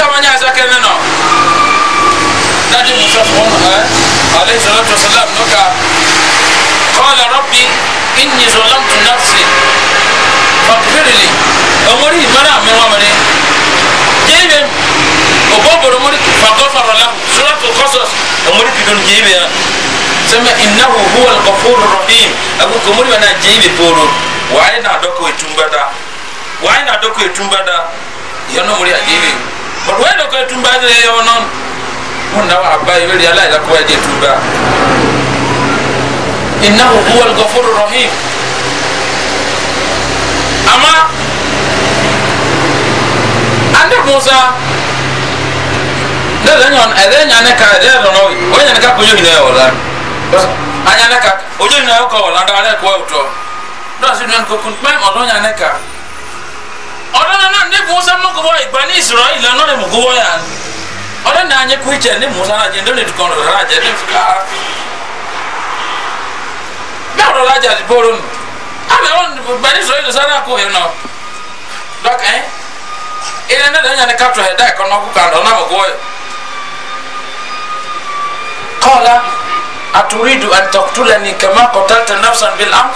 da wani asa kene no nadi musa fon ha alayhi salatu wasalam noka qala rabbi inni zalamtu nafsi fakfirli omori mara mi wa mare bobo oboboro mori fagofara lahu suratu qasas omori kidon jebe ya sama innahu huwa al-ghafur rahim abu komori wana jebe poro wa ina doko etumbada wa ina doko etumbada yano a ajebe bɔtɔ wɛrɛ kɔ etumba de yɛ wɔn nɔn mo na wa ba yi wɛrɛ ala yɛ la kɔ ɛdi etumba innahu huwa al-ghafuru rahim ama ande musa ne le nyɔn ɛdɛ nyane ka ɛdɛ lɔnɔ yi o nyane ka ko yɔ hinɛ wɔ la anyane ka o yɔ hinɛ wɔ kɔ wɔ la ndo ọdọ na ne musa mako wa igba ni israel na ne mugo wa ya ọdọ na anye ku iche ne musa na je ne tukon ro ra je ne fuka na ro ra ja borun ame on igba ni israel sara ko he no dok eh ina na da ne katro he da ko no ku ka na mugo wa qala aturidu an taqtulani kama qatalta nafsan bil amr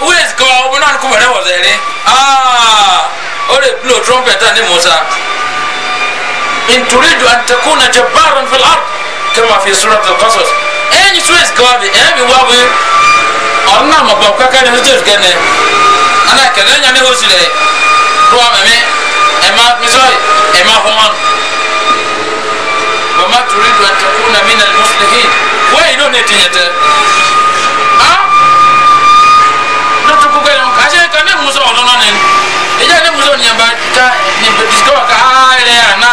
Uwezi kwa ubunan kubwa na wazere. Ah o de bilo trumpet ani musa in turidu an takuna jabbaran fil ard kama fi surat al qasas en suwes gabi en bi wabu orna ma bab ana kana nya ne hosile do ameme ema misoi ema homan wa turidu an takuna min al wa ino ne tinyata ha do to ko musa ono nanen ejane nyaba ta nipa disika waka aa ah, ɛrɛ yɛ ana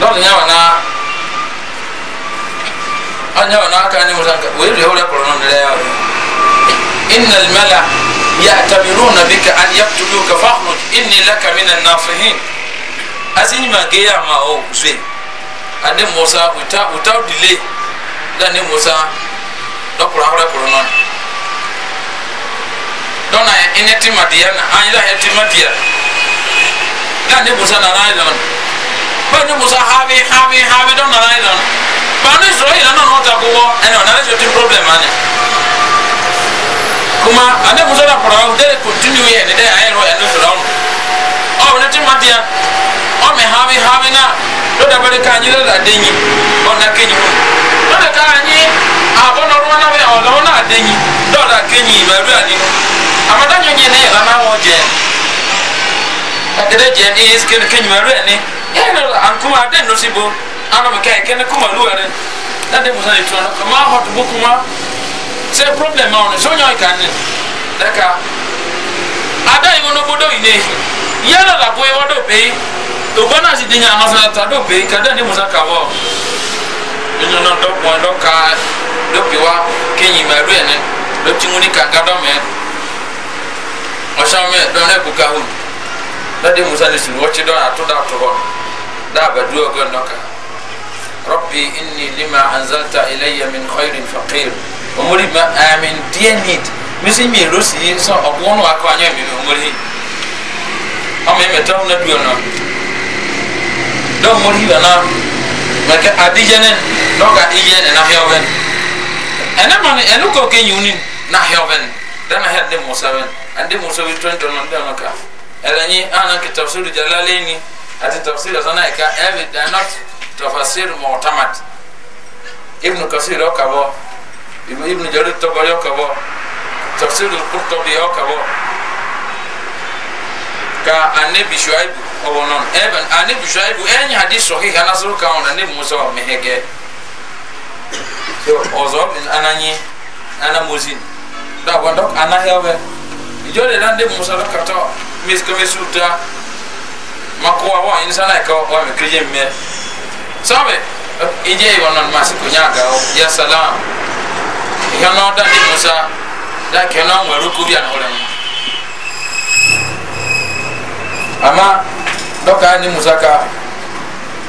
dɔɔni nyɛ wana ɔnyɛ ah, wana aka ne musa ka wei rɛ wura kɔrɔ nɔnɔ lɛɛ inna mala ya'tabiruna bika an yaqtuluka fakhruj inni laka min an-nasihin asini ma ge ya ma o zwe ade musa uta uta delay dane musa dɔkura hura kɔrɔ nɔnɔ dɔna ene ti madiya na an yira hɛ ti madiya na ne musa nana yi lɔn ba ne musa habi habi habi dɔ nana yi lɔn ba ne sɔrɔ yira nɔnɔ ta ko wɔ ɛnɛ o nana sɔ ti problem ani kuma ane musa da kɔrɔ o de continue yɛ ne de a yɛrɛ ɛnu sɔrɔ ɔ ne ti madiya ɔ mɛ habi habi na dɔ dabali k'a yira la den ye ɔ na kenyi ko dɔ de k'a ye abono ruwana we olona adenyi dola kenyi maru ani amada nyonye ne la ma woje akere je ni isken kenyi maru ani eno ankuma aden no sibo ano me kai ken kuma luare na de musa itwa no ma hot bukuma se problem on so nyoy kan daka ada iwo no bodo ine yala la boy wodo pe to bana si dinya amasa ta do pe kada ni musa kawo inu no do mo do ka do piwa kenyi ma ru ene do tinguni ka ga do me o sha me do ne ku ka hu da musa ni sin wochi do atu da to ho da ba du o gon do ka rabbi inni lima anzalta ilayya min khairin faqir omori ma amin dear need misi mi rosi so ogbon wa ko anyo mi omori o me me tawo na du ono do omori bana mɛkɛ adijɛnɛ n'ɔka ijɛ na hɛwɛn ɛnɛ mani ɛnu kɔ ke nyiwuni na hɛwɛn dana hɛ de musa wɛn ɛde musa bi tɔn tɔn ɔn dɛmɛ ka ɛlɛnyi ana ke tafsir jalaleni ati tafsir ɔsana yi ka ɛbi dana tafsir mɔtamat ibn kasir ɔkabɔ ibn jarir tɔbɔri ɔkabɔ tafsir kurtɔbi ɔkabɔ ka anabi shuaibu ɔwɔ nɔn ɛbɛn ani bushaibu ɛnyɛ adi sɔhi anasoro kan na ne musa wa mehege ɔzɔ ananyi ana Da dɔbɔ dɔk anahɛwɛ ìjọ de la ne musa lɔ katɔ mesu ta makowa wa insana ka wa me kirje me sabe ije wa non masi kunyaga ya salam ya no da ni musa da kenan waru kubiya na ulama amma dɔka ni musaka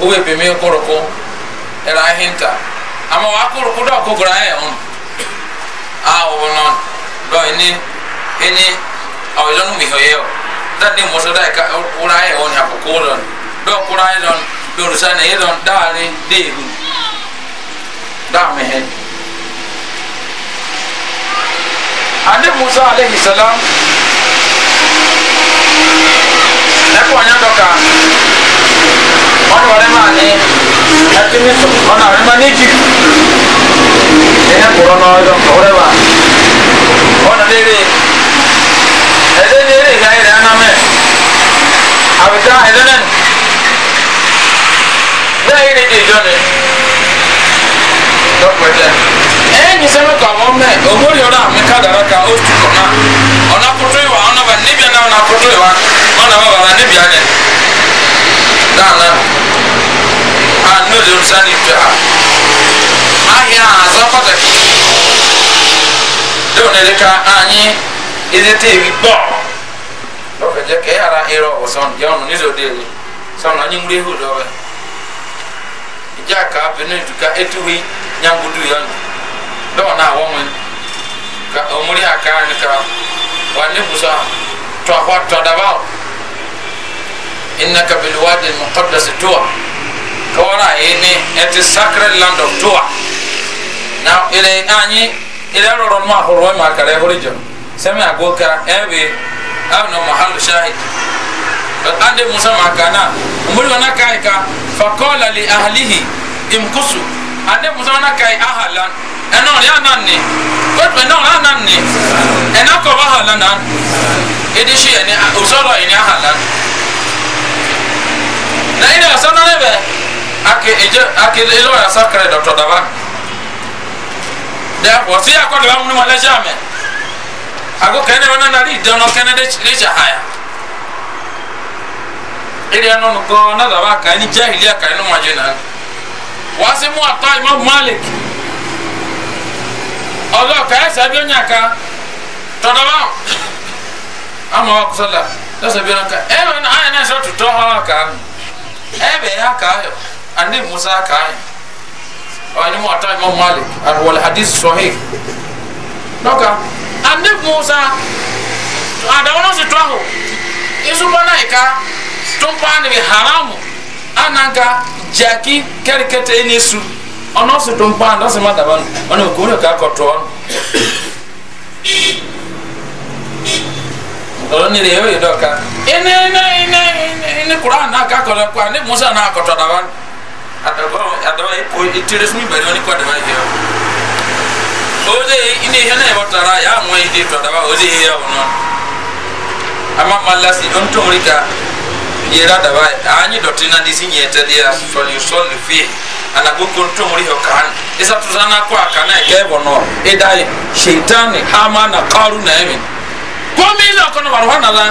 o bɛ bɛn min kɔrɔkɔ ɛrɛ a hinta ama wa kɔrɔkɔ dɔw ko kɔrɔ ayɛ ɔn a o bɛ nɔn dɔ ɛni ɛni awo yɔnu mi hɔ yɛ o da ni muso da yi ka kɔrɔ ayɛ ɔn yɛ ko kɔrɔ dɔn dɔw kɔrɔ ayɛ dɔn dorosa ne yɛ dɔn daare deeru daa mɛhɛ ani musa aleyhi salam. ɛkò ɔnyɛ dɔka ɔne wɔre maa ne ɛte ne so ɔna ɔre ni ne egypt ɛnyɛ koro no ɔyɛ dɔka ɔre wa ɔna ne re ɛdɛ ne re ha yɛrɛ ɛna mɛ abita ɛdɛ ne dɛ yi ne di idɔ ne dɔkɔ ɛdɛ ɛnyi sɛ mekɔ awɔ mɛ omori ɔna mi ka dara ka o tu kɔna ɔna koto yi wa ɔna ba ne ɛna ɔna koto yi wa. na ne bia ne dana a no de nsa ne twa ndị aza pataki de ka anyị ide te bi o ke je ke ara ero o son je on ni zo de ni son anyi ngure hu na ka aka ni ka wa ne busa twa kwa innaka bil wadi al muqaddas tuwa kawara ini at sacred land of tuwa now ile anyi ile roro ma horo ma kare horijo sami agoka ebe abna mahallu shahid ande musa makana umuri wana kai ka faqala li ahlihi imkusu ande musa wana kai ahalan eno ya nanni but eno ya nanni eno ko edishi ene usoro ene ahlan na ina asana lebe ake eje ake ilo ya sakare dr daba de ko si akwa de mu mala jame ago kene wana na ri dono kene de leja haya ile ano no ko na daba ka ni jahilia ka no majina wasi mu ata imam malik ọlọ ka ẹsẹ bi onya ka tọdọba ama wa kusala ẹsẹ e bi onya ka ẹ e bẹ na ayẹ e na ẹsẹ tutọ ha ka mi ebe ya ka ayo ande musa ka ayo ọni mu ọta imam malik wọle hadith sọhí nọka ande musa adawọn si tọ ahụ isubọ na ika tumpa ni bi haramu ananka jaki kẹrikẹtẹ ẹni su ọnà si tumpa ndọsi ma daba nù ọnà okòwò ni ká kọtọ ọnù ọlọni rẹ yóò yẹ ene ene ene ene kuran na ka kɔlɔ kɔ ne musa na kɔtɔ daba adaba adaba epo etere sumi bɛrɛ ni kɔ daba yi yɛ oze ine ihe na yɛbɔ tara ya ŋɔ yi de tɔ daba oze yi yɛ wɔnɔ ama ma lasi o ntɔ wuli ka yɛra daba anyi dɔte na disi nyɛ tɛ de asɔli sɔli fi ana gbogbo ntɔ wuli yɛ kan isa tusa na kɔ a kan na yɛ kɛ wɔnɔ eda yi seitani hama na kaaru na yɛ mi kɔmi lɛ no wari hɔ na la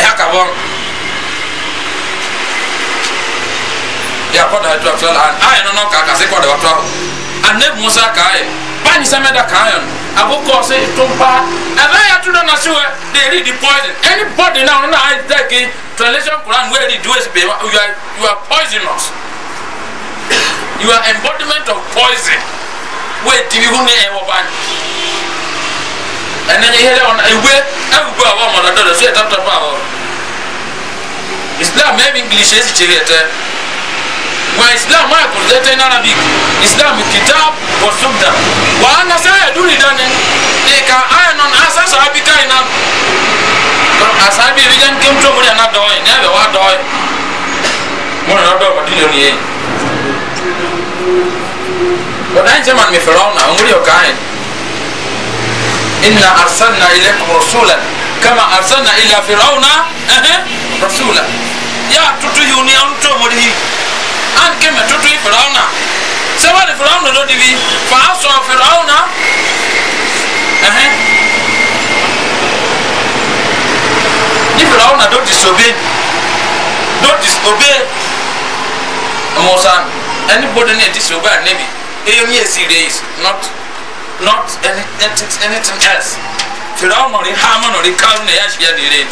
ɛha ka bɔn ya kɔda ɛtɔ fɛ la ayɛ nɔnɔ ka kasi kɔda ɔtɔ ane musa ka ayɛ bani sɛmɛ da ka ayɛ no abo kɔɔse tumpa ɛbɛ yɛ tu dɔna si wɛ de eri di poison any body na ɔno na ayɛ dɛ ke translation koran wɛ eri di wɛsi bɛ you are you are poisonous you are embodiment of poison wɛ tibi hu ni ɛwɔ bani ɛnɛ nye hele ɔna ewe ɛfugu awɔ mɔna dɔ dɔ fi ɛtɔ tɔ pa awɔ islam ɛmi english esi tseri ɛtɛ wa islam wa ɛkɔtɔ ɛtɛ in arabic islam kitab wa sunna wa ana sɛ ɛduri dani ika ayɛ nɔn asa sɔ abi ka ina asa abi ebi dza nkem tó mori ana dɔɔ yi n'ɛbɛ wa dɔɔ yi mɔna dɔ dɔ ɔdi lori yɛ ɔdan jɛ man mi fɛrɛ ɔna ɔmori ɔka yi. إنا أرسلنا ilaykum رسولا كما أرسلنا ila فرعون rasula ya tutu yuni an to mori an kema tutu fir'auna sama فرعون fir'auna do dibi fa aso fir'auna eh ni fir'auna do disobey do disobey musa anybody ne disobey nebi eyo mi esi race not not any, anything, anything else fìlà ọ̀nà rí hàmọ́ ọ̀nà rí kárùn náà yà ṣì yà nìyẹn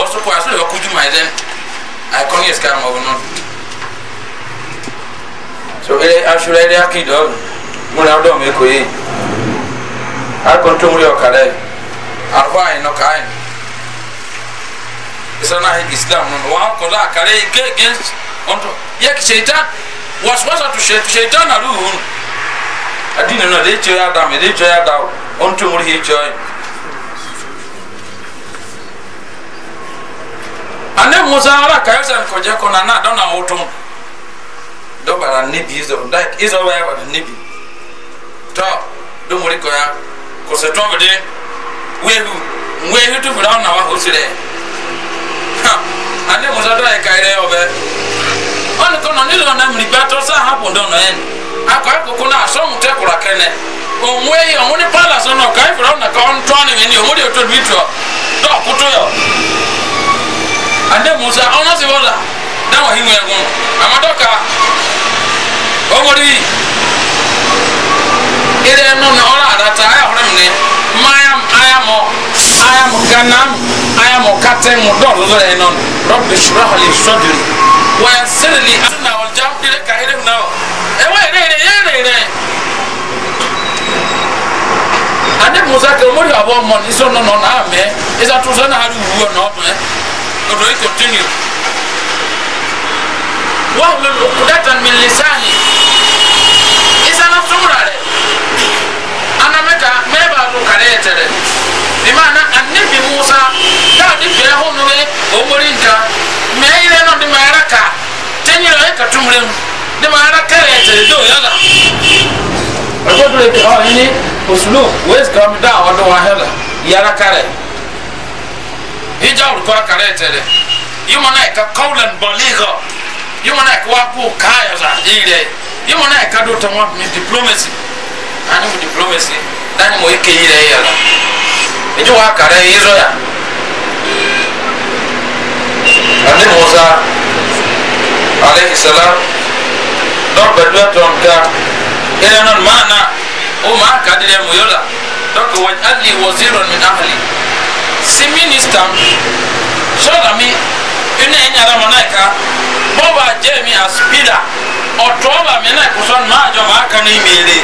ọ̀sùn kọ́ àṣọ ìyọkú jùmọ̀ ẹ̀dẹ́ àìkọ́ni yẹ sika ọ̀gbọ̀n náà. so ẹ aṣọra ẹrẹ akéde ọ̀rùn múra ọdọ mi kò yé akọ̀ntómúrí ọ̀kadà yìí àrùbọ̀ àyìn náà káyìn ìsọ̀nà islam náà wọ́n á kọ́ lọ́ àkàrẹ́ yìí gé gé ọ̀ntọ́ yẹ kì ṣèyí tán wọ́n ṣèyí tán nàlú òun. adina na de cho ya da me de cho ya da on to muri he cho ane musa ala ka yasa ko je ko na na do na otum do bara ne bi zo da izo ba ya ba ne bi to do muri ko ya ko se to de welu welu to bra na wa hosire ane musa do ya ka ire obe on ko na ni lo na mi ba to sa ha po do no en eh. akɔ akoko na asɔmu tɛ kura kɛnɛ òun eyi òun ní palace náà káyí fúra ọ̀nà na ọ̀n tọ́ni mi ni òun de tó bi tọ́ dọ́ kutu yọ adé musa ọ̀nà sì wọ́n la dáwọ̀ himu ẹ̀gún amadọ́ka ọmọdé yìí ilé ẹnu ní ọ̀rọ̀ àdáta ayé ọ̀rẹ́ mi ni mayam ayamọ ayamọ ganam ayamọ katẹ́mu dọ́ọ̀lù lọ́yẹ̀ náà rọ́bì ṣùgbọ́n àlè sọ́dúnrún wọ́n yà sílẹ̀ ní asínà ade musa kɛ omori awɔ mɔ nisɔ nɔnɔ naa mɛ esa tó sɛ naa ri wuwɔ nɔ mɛ e. odo yi e kɔntiniu wahulo lukudata mi lisani esa na sumra rɛ ana mɛ ka mɛ b'a lo kare yɛ tɛ rɛ bimaana ane bi musa daa di bɛɛ hɔn wɛ omori nka mɛ yɛrɛ nɔ di ma yɛrɛ ka tɛ nyere ka tumure mu di ma yɛrɛ kɛrɛ yɛ tɛ do yɛ la ojo dure ke o ini usulu wes kam da o do wahela yara kare hijab ko kare tele yimo na ka qawlan baligha yimo na ka wapu kaya za ile yimo na ka do tamwa mi diplomacy ani mu diplomacy dani mo ike ile yala ejo wa kare izo ya ani musa alayhi salam dɔbɛ dɔtɔn ka ere non mana o ma ka dire mu yola donc waj'al li waziran min ahli si minister sɔɔda mi ina enya da mana ka bɔba jɛmi as pila ɔtɔɔba mi na kusɔn maa jɔ maa ka ne meere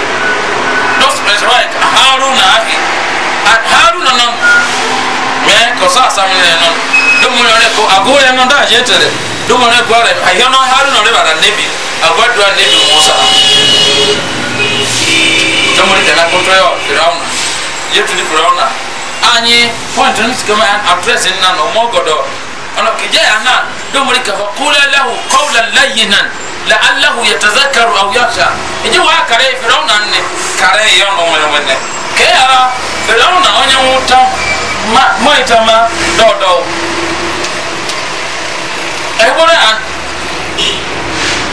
dos president haruna ahi at haruna non mɛ kɔsɔ asamu ne non domo yɔrɔ ko agore non da je tere domo yɔrɔ ko ara ayɔnɔ haruna ne ba da nebi agbadoa nebi musa tomori daga kotoyo firawuna yetudi firawuna anyi point ni sikama address ni nan omo godo ono kije ana domori ka fa qula lahu qawlan layyinan la'allahu yatazakkaru aw yakhsha eje wa kare firawuna ne kare yo no mo ne ke ara firawuna onye wuta ma mo itama dodo ebora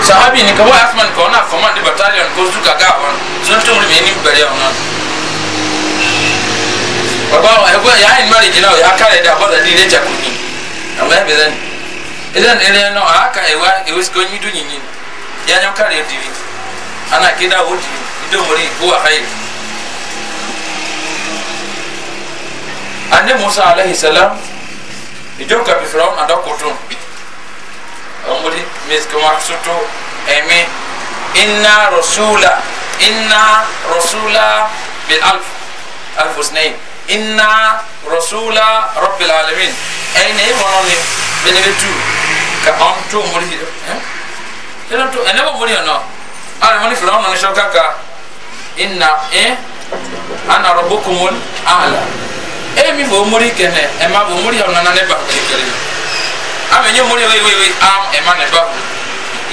sahabi ni kawa asman ka ona command battalion ko su ka gawa sun to wuri ni bare ona baba wa ego ya in mari jina ya kare da bada di ne chakuni amma ya bezan idan ele no aka ewa e wis ko nyidu nyinyi ya nyam kare di ana kida wodi ido mori ko akai ande musa alaihi salam ijoka bi firaun adakoton omuri miski maksutu emi inna rasula inna rasula bil alf alf usnain inna rasula rabbil alamin ene wono ni benevetu ka on to omuri hido eh ene to ene bo muri ono ara moni fira ono ni shoka ka inna eh ana rabbukumul a'la emi bo muri kene ema bo muri ono na ne ba kere amenye muri we we we am ema ne ba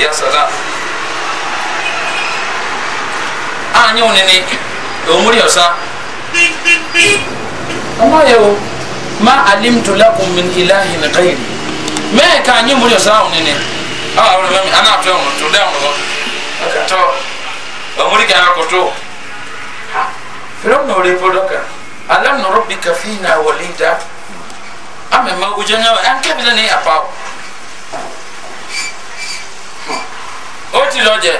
ya sala anye onene omuri osa ọmọ yẹ o ma alimtu lakum min ilahin ghairi mẹ́ẹ̀ ka anye omuri osa onene ọ ah, àwọn ah, ọmọ mi ana afẹ́ ọmọ tó dẹ́ ọmọ ọkàtọ omuri kan akoto fẹ́rẹ́ ọmọ rẹ̀ pọ̀ dọ́kà alam nọ̀rọ̀ bí kàfíìn náà wọlé dá. ame magu janya an kabila ne apa o ti loje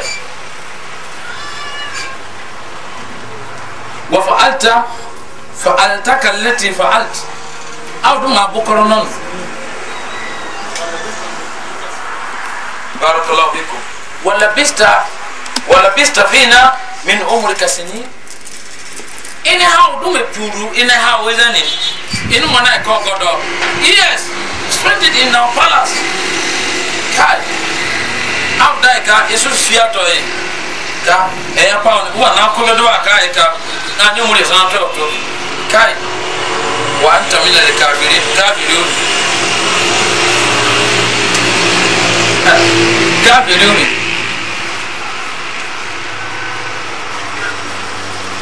wa fa'alta fa'altaka allati fa'alt aw dum abukoro non barakallahu fikum wala bista wala bista fina min umrika sinin ina do dume puru ina hao isn't it I mwana e kogodo yes spread it in our palace kai aw dai ka isu fiato e ka e ya pa wa na ko do aka e ka na ni muri san to to kai wa anta min al kafirin kafirun kafirun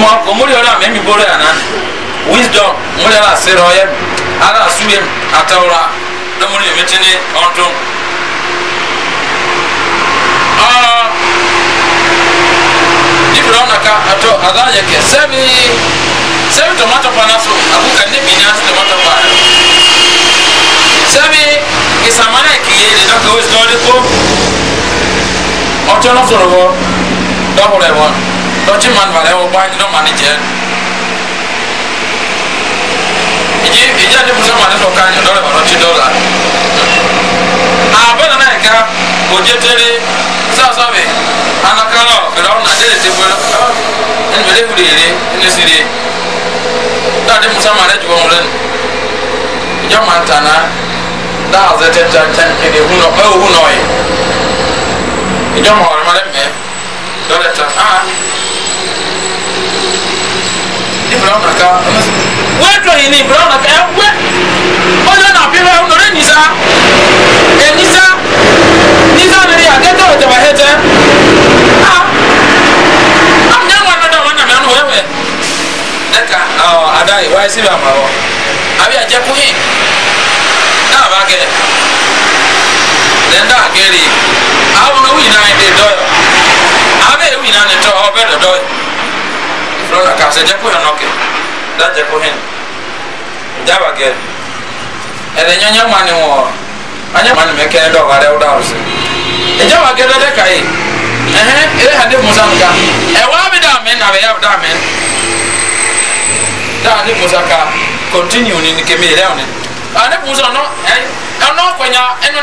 kuma omuli ola memi bolo ya nani wisdom omuli ala sere oyem ala asuyem atawra domuli emitini ne binyansi tomato pana sebi isamana kiyele wisdom náà sọrọ wọ dọkọrọ wọn dɔtí man balẹ̀ wọ báyìí dọ́ mani jẹ́ ìdí ìdí àti musa mani sọ ká ní dọ́là dọ́tí dọ́là àbẹ̀ nana yìí ká òjé tẹ́lẹ̀ sàṣàbẹ̀ anakalọ̀ fẹ̀rẹ̀ ọ̀nà àdéhùn ti bọ̀ ẹni bẹ̀rẹ̀ kúrò yẹlẹ ẹni sèré dọ́tí musa mani jù wọn lẹ́nu ìjọ máa tànà dáhà zẹ́tẹ̀ tẹ̀ kéde ehun náà ehun náà yìí ìjọ máa wọlé mọ́lẹ́ mẹ́ dọ́lẹ̀ tán ah brown aka wẹ́ẹ̀tọ̀ yìí ni brown aka ẹ wẹ́ ọjọ́ náà fífẹ́ ọ̀rẹ́ nìsa ẹ̀ nìsa nìsa nìyí àgẹ́tọ̀ ọ̀tẹ̀wà hẹ́tẹ́ a am nyɛ ŋmɛ dɔdɔ ŋmɛ nyamɛ ŋmɛ wɛ ɛka ɔ ada yi wa esi ba ma wɔ abi a jɛ kuhi naa ba kɛ lɛnda akɛri awo na wuyi naa yi de dɔyɔ abe wuyi naa ni tɔ ɔbɛ dɔdɔ yi lọ́dà kà sẹ́ jẹ́kọ̀ yẹn nọ́kẹ́ dá jẹ́kọ̀ hẹ́n jáwà gẹ́ ẹ̀dẹ̀ nyanya ma ni wọ́n anya ma ni mẹ́ kẹ́ dọ̀ wàrẹ́ wọ́dà ọ̀sẹ̀ ẹ̀jáwà gẹ́ dọ́dẹ́ kà yìí ẹ̀hẹ́n ẹ̀rẹ́ hàdé musa nìka ẹ̀wọ́ mi dà mí nà bẹ̀yà dà mí dà hàdé musa ká kọ́ntínú ni ni kẹ́mi ẹ̀rẹ́ ọ̀nẹ́ hàdé musa ọ̀nà ẹ̀ ọ̀nà ọ̀kọ̀nyà ẹ̀nu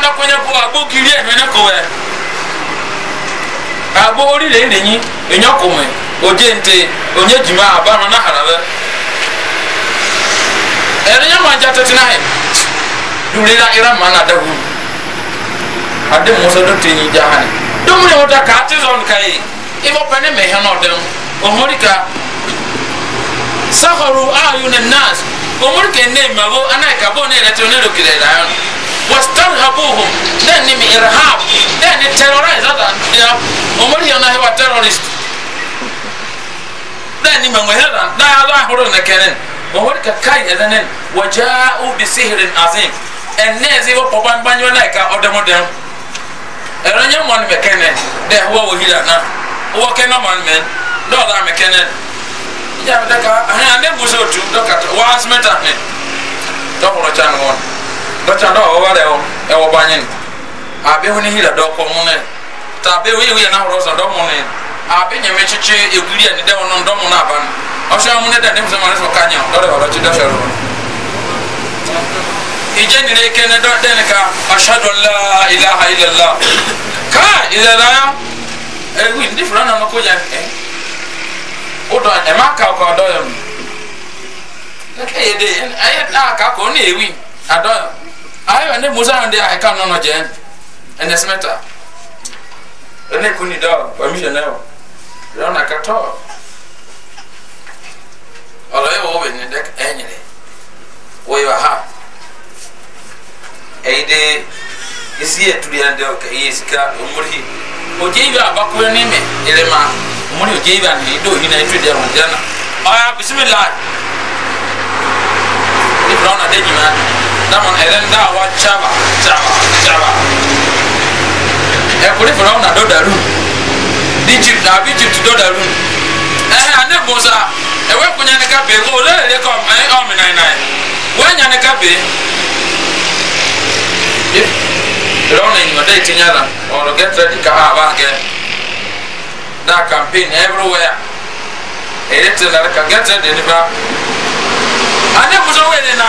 abo orire nenyi e nte, enyokume ojente onyejima abano naharabe erenyamanja tetinahe dulira ira e mana dahu ade musa do tenyi jahani domune wota ka tizon kai ibo e. pene meheno dem omorika saharu ayunan nas omorika ne mabo anai kabo ne retro ne lokire rayon wastan habuhum den ni mi irhab den ni terrorize ada ya omori yana hewa terrorist den ni mangwe hera da ya la horo na kenen omori ka kai edenen waja'u bi sihrin azim enne zi wo poban banyo na ka odemo dem eronya mon me kenen de huwa wo hira na wo kenen mon men do da me kenen ya me da ka ha ne buso tu do ka wa asmeta ne do ko ro chan won bata da wa da e wo banyin a be woni hila do ko mu ne ta be wi na horo so do mu ne a be nyame chiche eguri ani da wono do mu na ban o sha mu ne da zama so kanya do chi da ni ne do ka ashhadu la ilaha eh? eh, ka ila da e wi ndi mako ka ko do ayiwa ne musa yɛn de a ɛka nɔnɔ jɛn ɛnɛ sɛmɛta ɛnɛ kuni da wa mi sɛ nɛ o yɔrɔ na ka tɔ ɔlɔ yɛ wɔ bɛ ne dɛ ɛnyɛrɛ wɔ yɛ wa ha ɛyi de esi yɛ turu yɛn dɛ o kɛ iye sika o muri o je yi bɛ a ba kuyɛ ne mɛ yɛlɛ ma o muri o je yi bɛ a ne do yi na etu dɛ o dɛ na ɔya bisimilayi ne fila na de nyinaa dama ɛrɛ da wa caba caba caba ɛkuli fana ɔna dɔ dalu di jiri a bi jiri dɔ dalu ɛhɛ ane bosa ɛwɛ kunya ne ka be ko ole yɛrɛ ka ɛ ɔmina ina yɛ wɛ nya ne ka be ɛrɛ ɔna enyima da eti nya la ɔrɔ get ready ka a ba kɛ da campaign everywhere ɛrɛ ti na ka get ready nipa ane bosa wɛ ne na.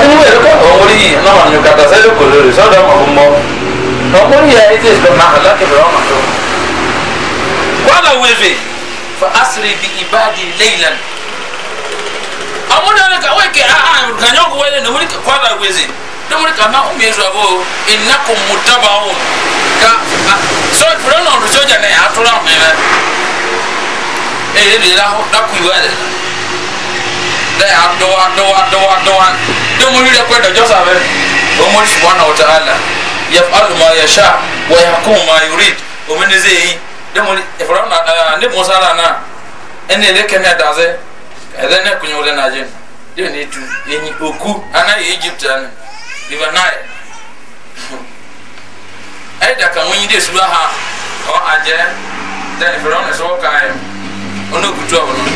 ọdún wẹ̀ lókè ọ̀wọ́n yìí náà wọn yóò kàtà sẹ́yìn kò lórí sọ́dọ̀ ọmọ fún mọ́ ọ̀gbọ́n yìí ayé tí èsì lọ́mọ àlá kẹfẹ́ ọmọ tó. wàhálà weze fọ asiri bi ibadi leylan ọmọdé ọ̀nà kàwé kẹ àhà gànyọ́ kọ wẹ̀rẹ̀ nàwọ́n kẹ wàhálà wẹ̀rẹ̀ dọ́mọdé kàná ọmọ yẹn sọ̀rọ̀ ìnákò mú dábà ọ̀hún ká sọ ìfúrẹ́ náà ọ̀dùn sọ́jà náà àtúrà ọ̀hún ahụ bẹ́ẹ̀ ẹ̀ ẹ̀ lè ra dákú ìwádìí da ya dowa dowa dowa dowa don mu rira ko da josa be o mu subhanahu wa ta'ala yaf'alu ma yasha wa yahkum ma yurid o mun zai yi don mu ifran na ne musa na na ene le kene da ze ede ne kunyo le na jin de ne tu enyi oku ana egypt an liba nai ai da kan wani de suba ha o aje da ifran so kai ono kutu abono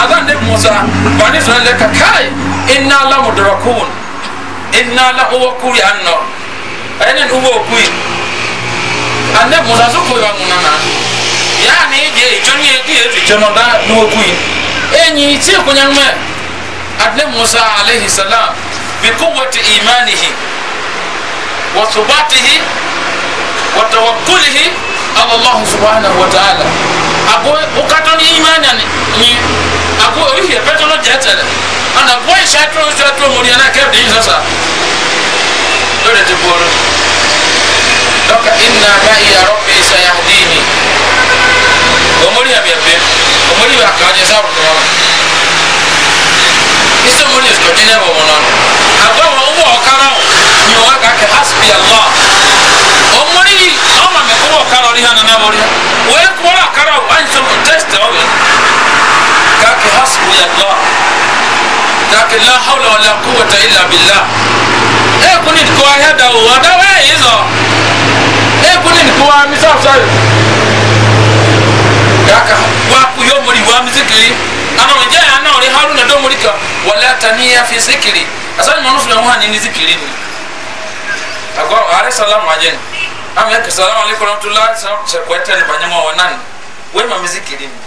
adan musa bani sɔrɔ lɛ ka kai inna la mudrakun inna la uwa kuri an nɔ ɛyɛ ne uwa kuri ane musa so ko yɔ ŋuna na yaani je jɔn ye di ye tu jɔn da uwa kuri e nyi ti ko nyamɛ ane musa alayhi salam bi kowati imanihi wa subatihi wa tawakkulihi ala allah subhanahu wa ta'ala ago ukato ni imani ni ako oyi yɛ pɛtɛ no gyɛ tɛlɛ ɔna bɔyi hyɛ atoro nsu atoro mu ni ɛna kɛm de yi sasa lórí ti bolo dɔkka ina ba iya rɔbi saya diini omori yɛ bɛbɛ omori yɛ akaadze sáwù tó wọn isɛ omori yɛ sɔkɔtɛ yɛ wɔ wɔn agbɛ wɔn wɔ ɔkara o nyɛ wɔn akakɛ hasbi allah omori yi ɔma mɛ kó wɔ ɔkara ɔri hã nana wɔri hã wɔyɛ kó wɔn akara o anyi sɛ mo tɛsitɛ ke hasbuya allah take la hawla wala quwwata illa billah e kuni ko ya da wa da wa izo e eh, kuni ko wa mi sa sa kaka wa ku yo muri wa mi zikiri ana on ja ana ori haruna do muri ka wala taniya fi zikiri asani manu fula muhani ni zikiri ni agwa are salamu ajen ameke salamu alaikum warahmatullahi wabarakatuh kwete ni banyama wanani wema mizikiri ni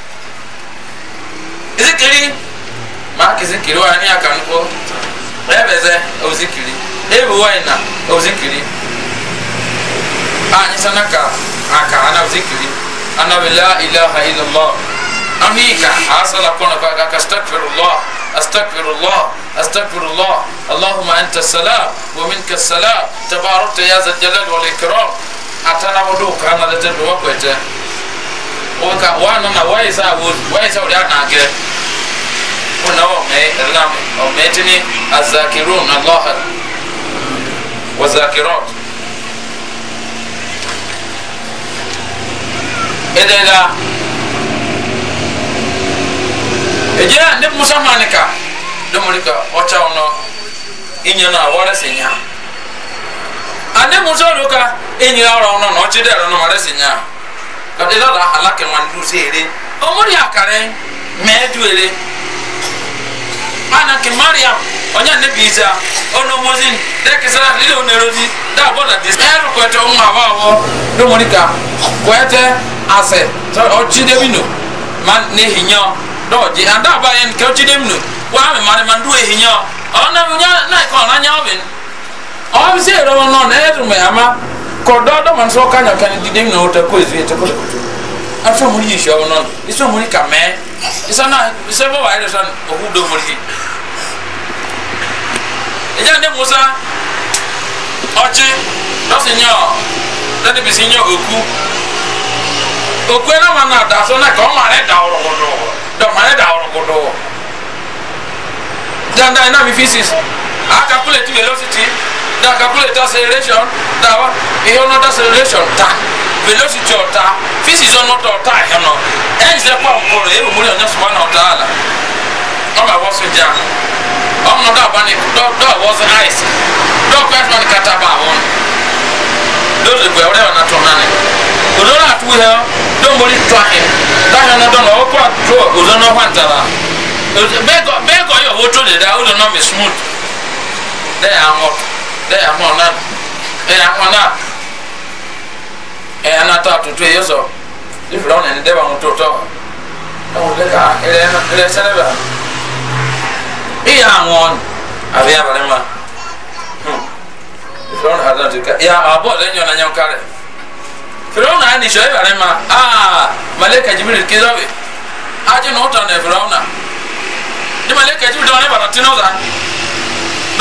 zikiri maaki zikiri wa ni aka nuko ebeze o zikiri ebu wa ina o zikiri anyi sana ka aka ana zikiri ana la ilaha illallah amika asala kona ka ka astaghfirullah astaghfirullah astaghfirullah allahumma anta salam wa minka salam tabarakta ya zal jalal wal ikram atana wudu kana da tabu wa kwete ka wa no na wa isa wo wa isa wo na akire kuna wa me na o me tini azakirun allah wa zakirat edela ejira ne musa manika do mulika ocha ono inya na wore senya ane musa ruka inya ora ono no chidera no mare senya ila da halaka man dusere omuri akare me duere ana ke mariam onya ne biza ono mozin de ke sara ile onerodi da bola dis eru kwete umma wawo do monika kwete ase so ochide bino man ne hinyo do ji anda ba yen ke ochide bino wa me mare man duwe hinyo ona munya na ko na nya obin obse ro no na edu me ama kɔdɔ dɔ man sɔɔ kanya kan di dem na o tɛ ko ezi ete ko an fɛn mun yi sɔ wɔn nɔn isɔ mun ka mɛ isɔ na isɔ bɔ wa yɛrɛ sɔn o k'u dɔn mori ejan de musa ɔtsi dɔsi nyɔ dɔdi bisi nyɔ oku oku yɛ n'ama na da so na kɛ ɔma yɛ da ɔrɔ kɔdɔ dɔma yɛ da ɔrɔ kɔdɔ dandan yɛ na mi fisis aka kule tu velocity da calculate acceleration da wa ihe ọ̀nà acceleration ta velocity ọ̀ta physics ọ̀nà ọ̀ta ẹ̀nà ẹ̀ǹsẹ̀ pọ̀ ọ̀pọ̀lọ̀ èyí òmùlẹ̀ ọ̀nyẹ́ sọ̀bọ̀ náà ọ̀ta àlà ọ̀bà wọ́ so já ọ̀nà dọ̀bà ni dọ̀wọ́ so ice dọ̀kọ̀ ẹ̀sùn ọ̀nì kata bá wọn lórí ìgbà ọ̀rẹ́ ọ̀nà tó nánì òdòdó àtúwò yẹn dọ̀mọ̀lì tó ahìn táyọ̀ náà dọ̀nà ọ̀pọ̀ àtúwò òdòdó náà wà ń tara bẹ́ẹ̀ kọ́ yọ̀ wọ́n tó lè dá òdòdó náà mi smooth lẹ́yìn àwọn ọ̀tún dɛ amɔ nan ɛ amɔ nan ɛ anata tutu eyo sɔ ifilɛ ɔnani dɛ ba ŋutu tɔ ɛwɔ dɛ ka ɛlɛ ɛlɛ sɛnɛ ba iya ŋɔn abi abalɛ ma ifilɛ ɔnani adan tu ka ya abɔ lɛ nyɔ na nyɔ kari ifilɛ ɔnani ani sɔ ibalɛ ma aa maleka jibiri kizɔbi aji n'utɔ na ifilɛ ɔnani ni maleka jibiri dɔn ne bara tinɔ la.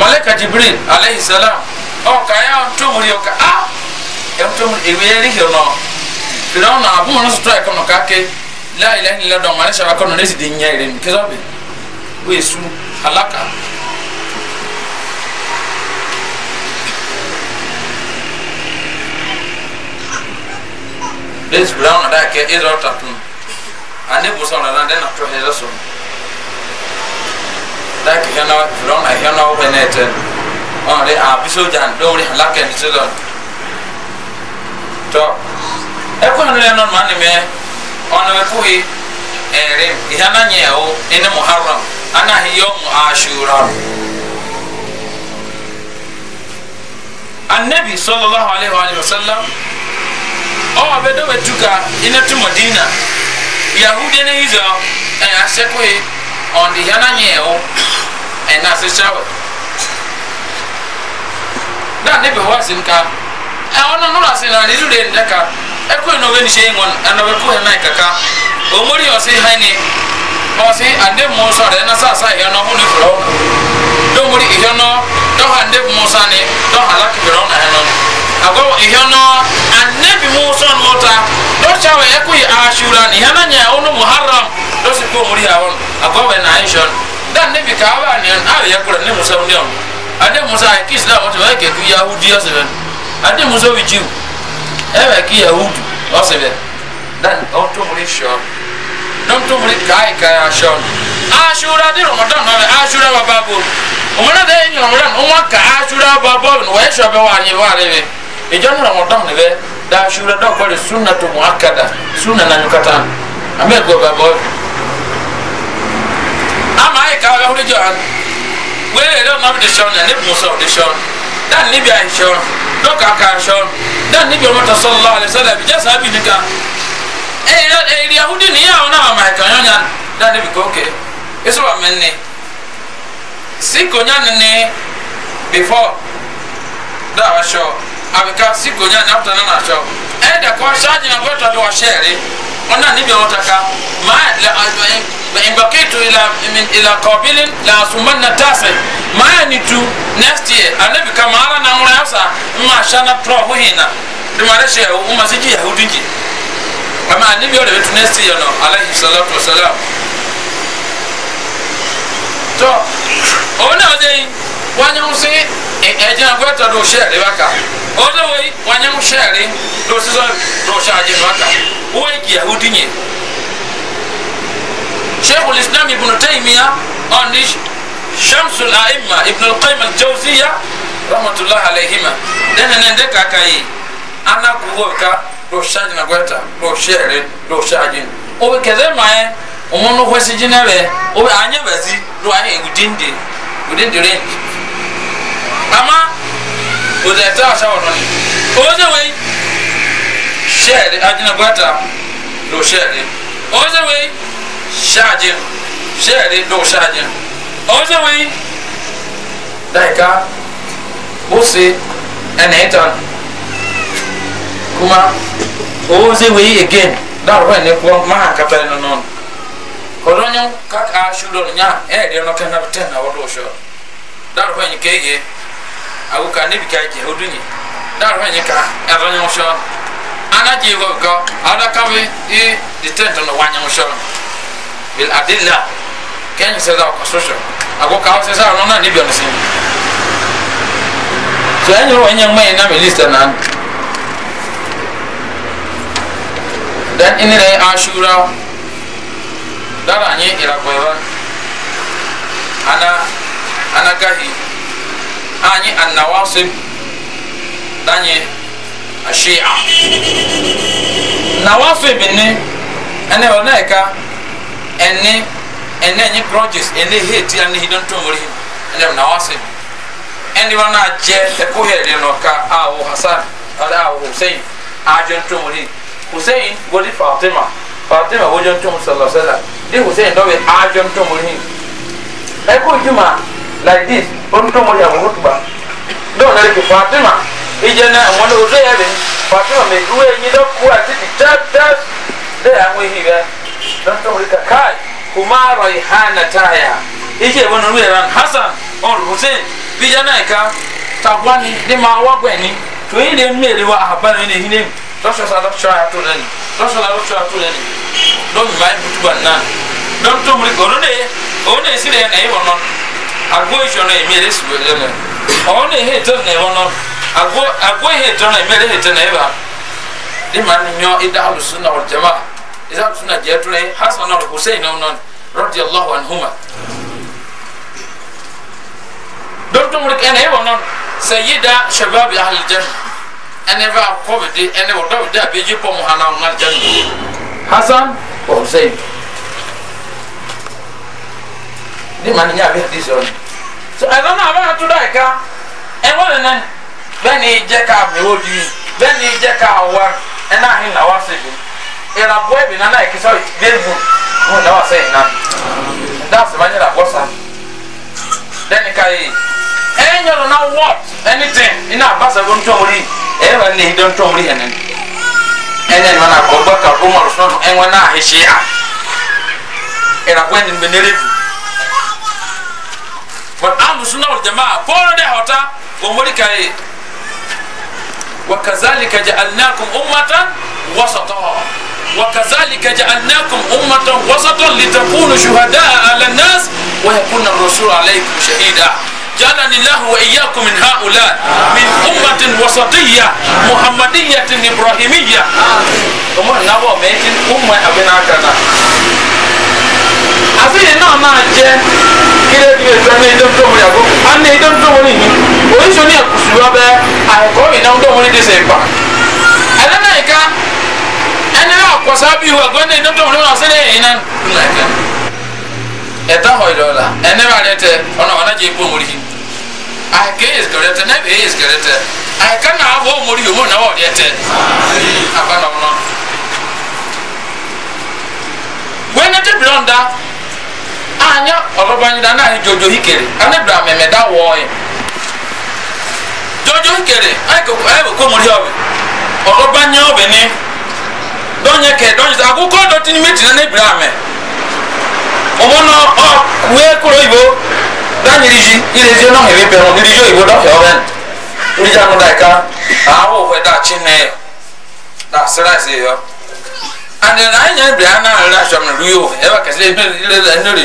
malaika jibril alayhi salam ɔka oh, oh, ah! ya ɔntomuri ɔka a ɛntomuri ewe yɛri hɛ no firawo na abomo no sotɔ ɛkɔ no kake la ilaha illa dɔn mane sɛ wakɔ no ne si de nya yɛrɛ mu kesɔ bi o yɛ su alaka lesi firawo na da kɛ ezɔr tatun ani busɔn na na de na tɔ hɛ ɛzɔ sɔrɔ. dak hena don a hena o beneten on re a biso jan do ri lakken sidon to e ko no le non mani me on me e ere ihana nye o ene muharram ana hiyo mu ashura annabi sallallahu alaihi wa alihi wasallam o abedo betuka ina tu madina yahudi ne hizo e asekwe on ihana nye o ɛna se hyɛw da ne bɛ hɔ ase nka ɔno no ase na ne nure ne ka ɛkɔ na ɔbɛ nihyɛ ŋɔ ɛna ɔbɛ kɔ hɛ na kaka ɔmori ɔse hɛn ni ɔse ande mu nso ɔde ɛna sasa ɛyɛ no ɔmo ne fura ɔmo dɔmori ɛyɛ no dɔha ande mu nsa ne dɔha alaki fura ɔmo ɛyɛ no agɔ ɛyɛ no ande mu nso no ta dɔkya wɔ ɛkɔ yɛ ahasura ne yɛn na nyɛ ɔno muharram dɔsi kɔ ɔmori ha wɔn agɔ wɛ na ayɛ hyɛ no. dan ne bi ka ba ne an ya kura ne musa ni mu ade musa a ki islam wato ke ku yahudi ya ade musa jiu e ba ki yahudi o dan to sho don ka ya sho ashura di ramadan na de ni ramadan o mo ka ashura ba no wa sho be wa ni wa re e jon ramadan eh, na ama ayi kawo ɛho ne gye ɔhan wele yɛ dɛ ɔnam de hyɛ ɔna ne bu sɛ ɔde hyɛ ɔn dan ne bi ayi hyɛ ɔn dɔka aka hyɛ ɔn dan ne bi ɔmo ta sɔlɔ lɔ alisa lɛbi gya saa bi ne ka ɛyɛ ɛyɛ ahudi ne yɛ a ɔna ama ɛka nyɔnya dan ne ko ke esu wa mɛn si konya ne ne before dɔ a wa akaka si nya na afta na na shaw e da kwa shaji na kwa tatu wa shere ona ni bi otaka ma la in bakitu ila min ila qabilin la sumanna tasa ma ni tu next year anabi kamara na murasa ma shana pro hina dimare she umma siji yahudinji kama anabi ole betu next year no alayhi salatu wasalam to ona ozei wanyonse ɛgyina gbɛtɔ do hyɛɛre baka ɔdɛ wei wanyɛ ho hyɛɛre do sisɔ do hyɛ agye no baka yahudi nye sheikhul islam ibnu taimia ɔne shamsul aima ibnu alqaim aljawziya rahmatullah alayhima dɛnɛ nɛ ndɛ ana ka do hyɛ na gbɛta do hyɛɛre do agye no ɔbɛ yɛ ɔmo no hɔ si gyina rɛ ɔbɛ anyɛ bɛsi range ama ozi ɛtɛ a wɔ no ni wei hyɛɛde agyina bɔta do hyɛɛde ozi wei hyɛagye hyɛɛde do hyɛagye ozi wei daika ose ɛna ɛta kuma ozi wei again daro ne kɔ maa nkata ne no kaka ahyɛ dɔ nyɛ ɛyɛ deɛ no na bɛ tɛ na ne kɛ yie. agoka ne bi ka jɛ o dunye daarɔ nye ka ɛrɛ nyɛ sɔn ana jɛ ko ka ada kabi i di tɛn tɔn wa nyɛ sɔn bil adilla kɛn sɛ da ka sɔsɔ agoka aw sɛ sɛ arɔ na ne bi ɔn sɛ so ɛnyɛ o ɛnyɛ ŋmɛ yi na mi lista na dan ini lɛ ashura dara nye irakɔyɔ ana ana gahi anyi annawasib danyi ashia nawasib ni ɛnɛ wɔ na ɛka ɛne ɛnɛ nye grudges ɛnɛ hate ɛnɛ hidden tomori ɛnɛ wɔ nawasib ɛnɛ wɔ na jɛ ɛkó hɛrɛ nɔ ka awo hasan ɔdɛ awo hussein adjɔ ntomori hussein wodi fatima fatima wodi ntomori sɔlɔ sɛlɛ de hussein dɔ bɛ adjɔ ntomori ɛkó juma like this wọn tó mo yà wọn tó bá dɔw ke fatima ijɛ na ŋmɔni o lóye bɛ fatima mɛ duwe nyi dɔ ku a ti di dada de a ŋun hi bɛ dɔn tó wuli ka kai kumarɔ yi ha na taaya ijɛ bɛ nunu yɛrɛ hasan ɔn hussein bijɛ na yi ka tagbani de ma wa gbɛni to yi de miiri wa a ba na yi ne hinɛ mu lɔsɔsɔ lɔ tsɔ a to lɛ ni lɔsɔsɔ lɔ tsɔ a to lɛ ni lɔ mi ma yi butu ba na dɔn tó wuli ka olu de olu de si de na yi wɔ agwo isho na emi ele sibo ele ɔwɔ na ehe eto na ɛwɔ no agwo agwo ehe eto na emi ele eto na ɛba ne ma ne nyɔ eda alusu na ɔjɛma eda alusu na jɛ tura ye hasan na hussein na ɔnɔni rɔdi allahu anhuma dɔntum rik ɛna ɛwɔ no sayida shababi ahalijan ɛna ɛba kɔbi di ɛna ɛwɔ dɔbi di a bɛ ji pɔmu hana ɔnɔ alijan hasan wa hussein ni maa ni yà bẹ di sọrọ so ẹnu náà bá tó dáì ká ẹwọ nínú bẹẹ ni jẹ ká mẹwọ di bẹẹ ni jẹ ká wà ẹnna ahin na wà sẹ bi ìlà bọ ẹbi nana ẹ kisa bẹẹ bu mu na wà sẹ yìí nà dáàsì bá nyẹ la bọ sa dẹni ká yìí ẹ nyẹ lọ na wọt ẹni tẹ iná abasa bó ntọ́ wọlé ẹ wà ní ìdọ́ ntọ́ wọlé hẹnẹ ẹnẹ ni wọn akọ ọgbà kà ọmọ rẹ fún ọ ẹnwẹ náà ahẹ ṣe à ìlà bọ ẹni mẹ nẹrẹ bu. والآن سنة والجماعة فولا دي هوتا ومولي كاي وكذلك جعلناكم أمة وسطا وكذلك جعلناكم أمة وسطا لتكونوا شهداء على الناس ويكون الرسول عليكم شهيدا جعلني الله وإياكم من هؤلاء من أمة وسطية محمدية إبراهيمية ثم نبو ميتين أمة أبناكنا أفين نعمة جن kele bi esu ana idem to mori ago ana idem to mori ni oyiso ni akusu wa bɛ ayɛkɔ ina to mori de sɛ ba ɛna na yi ka ɛna yɛ akɔsa bi hɔ ago ana idem to mori na ɔsɛ ne yɛ ina na yi ka ɛta hɔ idɔ la ɛna ba ne tɛ ɔna ɔna gye ipo mori ayɛkɛ yɛ sikɛrɛ tɛ n'ayɛ yɛ sikɛrɛ tɛ ayɛkɛ mori yɛ mo na wɔ deɛ tɛ aba na ɔna wɛna anya ọlọbanyida náà jojo hikere ana do amẹmẹ da wọọyẹ jojo hikere ayi kò ayi kò mori ọbẹ ọlọbanya ọbẹ ni dọnyẹ kẹ dọnyẹ sẹ akókò dọtí ni mẹtìrì náà ebìrì amẹ ọmọ náà ọ wíwé kúrò ìbò dányi rìjì ìrèjì náà hẹwé bẹrù rìjì òyìnbó dọfẹ ọbẹ ni rìjì àná dàìka àwọn òwe dà kyi nẹ dà sẹrẹ àìsè yọ àdìrẹ àyìnyẹ bìrì àná rẹ àṣọ mi rú yìí o ẹ bá kẹsì ẹ ní rẹ ní rẹ ní.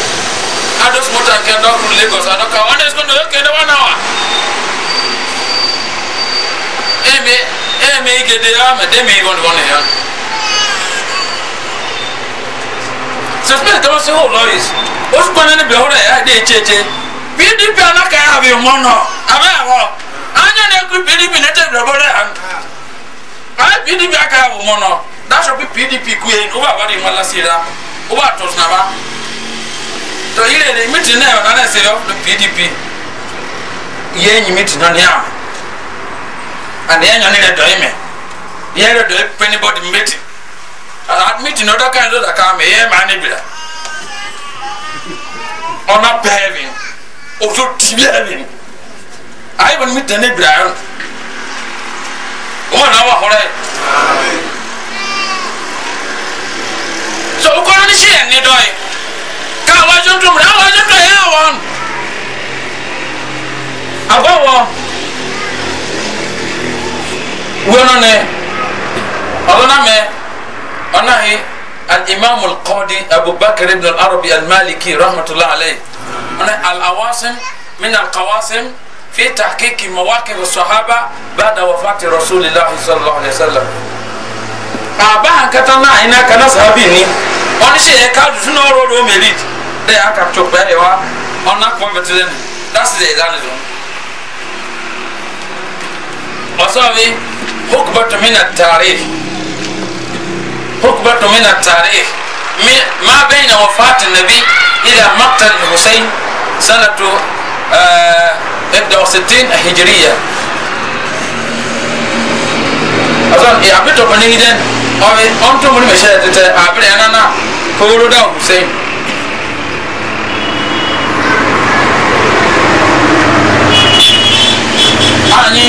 ados motor ke do ru lagos ado ka wanda is kondo ke do wana wa eme eme igede ya me de me won won ya so spe to se ho lois o su kwana ni be ho ya de cheche pdp anaka ya bi mo no abe awo anya na ku pdp na te do bore an ai pdp aka ya mo no that's what pdp ku en o ba ba de mala sira o ba to na ba to ile ne miti na yona na seyo do pdp ye nyi miti no ne a ane ya nyone le do ime ye le do penny body miti ala miti no da kan do da ka me ye ma ne bila ona pevin o so tibiyavin ayi bon miti ne bila yon wọn náà wà hɔrɛ so o kɔnɔ ni si yɛ ni dɔ ye ka wa jonto mu na wa jonto ya won aba wo wono ne ọdọna mẹ ọna he al-imam al-qadi abubakar ibn al-arabi al-maliki rahmatulah alayhi ọna al-awasim min al-qawasim fi tahqiqi mawaqif as-sahaba ba'da wafati rasulillah sallallahu alayhi wa sallam abahan katana ina kana sahabi ni ọni se ẹka dudu ọrọ do merit de aka tso kpɛ yɛ wa ɔna kpɔ mɛtɛ lɛ mu dasi de la nìyɔ ɔsɔbi hukuba tumi na taari hukuba tumi na taari mi maa bɛyi na wafaati nabi ila maktal husain sanatu ɛɛ ɔsitin hijiriya ɔsɔbi abitɔ kɔni yi dɛ ɔbi ɔntɔmuli mɛ sɛ tɛtɛ abiri ɛnana kowolo da husain. ani